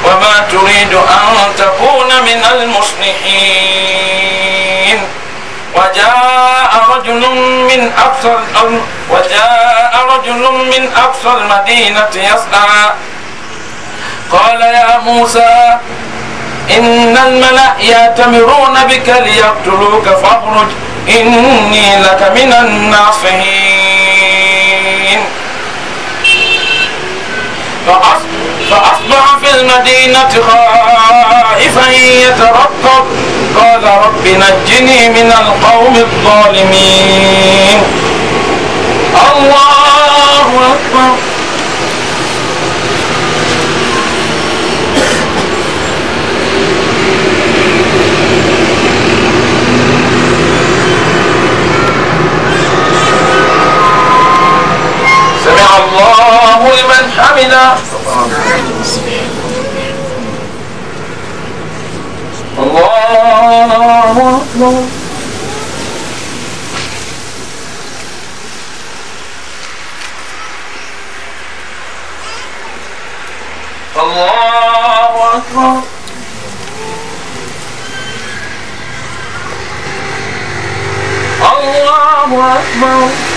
وما تريد أن تكون من المصلحين وجاء رجل من أقصى وجاء رجل من أقصى المدينة يسعى قال يا موسى إن الملأ يأتمرون بك ليقتلوك فاخرج إني لك من الناصحين فأصبح في المدينة خائفا يترقب قال رب نجني من القوم الظالمين الله أكبر سمع الله لمن حمده الله الله أكبر الله أكبر